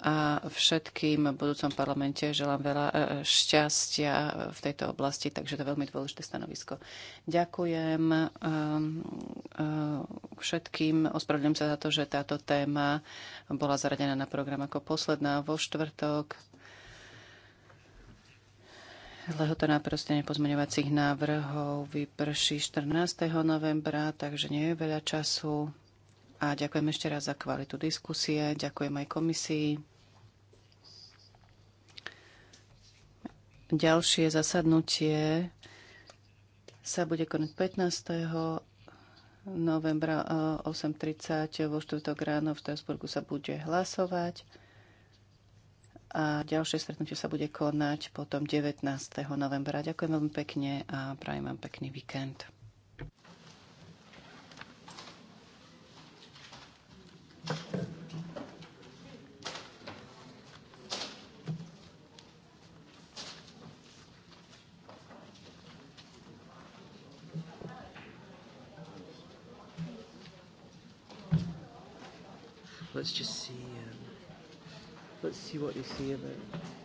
a všetkým v budúcom parlamente želám veľa e, e, šťastia v tejto oblasti, takže to je veľmi dôležité stanovisko. Ďakujem e, všetkým. Ospravedlňujem sa za to, že táto téma bola zaradená na program ako posledná vo štvrtok. Lehota na pozmeňovacích návrhov vyprší 14. novembra, takže nie je veľa času. A ďakujem ešte raz za kvalitu diskusie, ďakujem aj komisii. Ďalšie zasadnutie sa bude konať 15 novembra 8.30 eh, vo štvrtok ráno v Strasburgu sa bude hlasovať a ďalšie stretnutie sa bude konať potom 19. novembra. Ďakujem veľmi pekne a prajem vám pekný víkend. Thank you. of it.